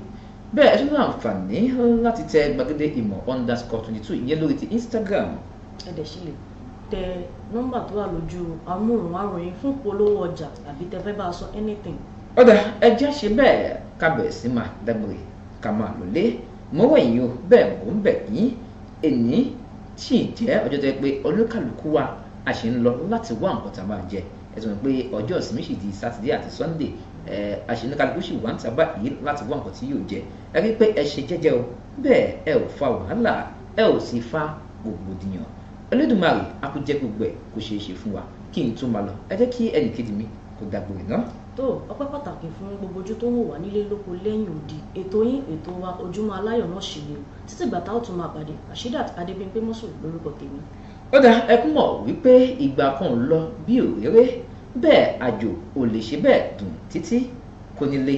bẹ́ẹ̀ ẹ tún ní àǹfààní láti tẹ gbàgede ìmọ̀ underscore twenty two ìyẹn lórí ti instagram. ẹ dẹ̀ ṣe lè tẹ nọ́mbà tó wà lójú amóhùnmáwòrán fún polówó ọjà àbí tẹ fẹ́ bá a sọ anything ọ̀dà ẹjẹ́ ṣe bẹ́ẹ̀ ká bẹ̀rẹ̀ sí máa dágbére ká máa lọlé mọ́wọ́ ẹ̀yìn o bẹ́ẹ̀ mò ń bẹ̀ yín èní tí ì jẹ́ ọjọ́ tó pé olúkàlùkù wa a ṣe ń lọ láti wá nǹkan tá a máa jẹ ẹ̀sùn pé ọjọ́ ìsinmi sì di sátidé àti sunday a ṣe ní kálukú sì wá ń ta báyìí láti wá nǹkan tí yóò jẹ ẹ rí i pé ẹ ṣe jẹ́jẹ́ o bẹ́ẹ̀ ẹ ò fa wàhálà ẹ ò sì fa gbògbòdìyàn Olódùmarè akújẹ́ gbogbo ẹ̀ kó ṣeé ṣe fún wa kí n tún máa lọ ẹ jẹ́ kí ẹnì mi kó dàgbò iná. tó ọpẹ́ pàtàkì fún gbogbo ojú tó ń wò wá nílé lóko lẹ́yìn odi ètò yín ètò wa ojúmọ́ aláyọ̀ náà ṣì lè o títí ìgbà tá ó tún máa pàdé Rasheedat Adébímpé Mọ́sùn lórúkọ tèmi. ó dá ẹkún mọ̀ wípé ìgbà kan lọ bí òréré bẹ́ẹ̀ àjò ò lè ṣe bẹ́ẹ̀ dùn títí kò nílé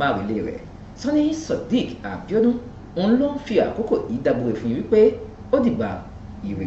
márílé rẹ̀ Sani Sodiq Abiodun òun ló ń fi àkókò yìí dábòrè fún wípé ó dìgbà ìrè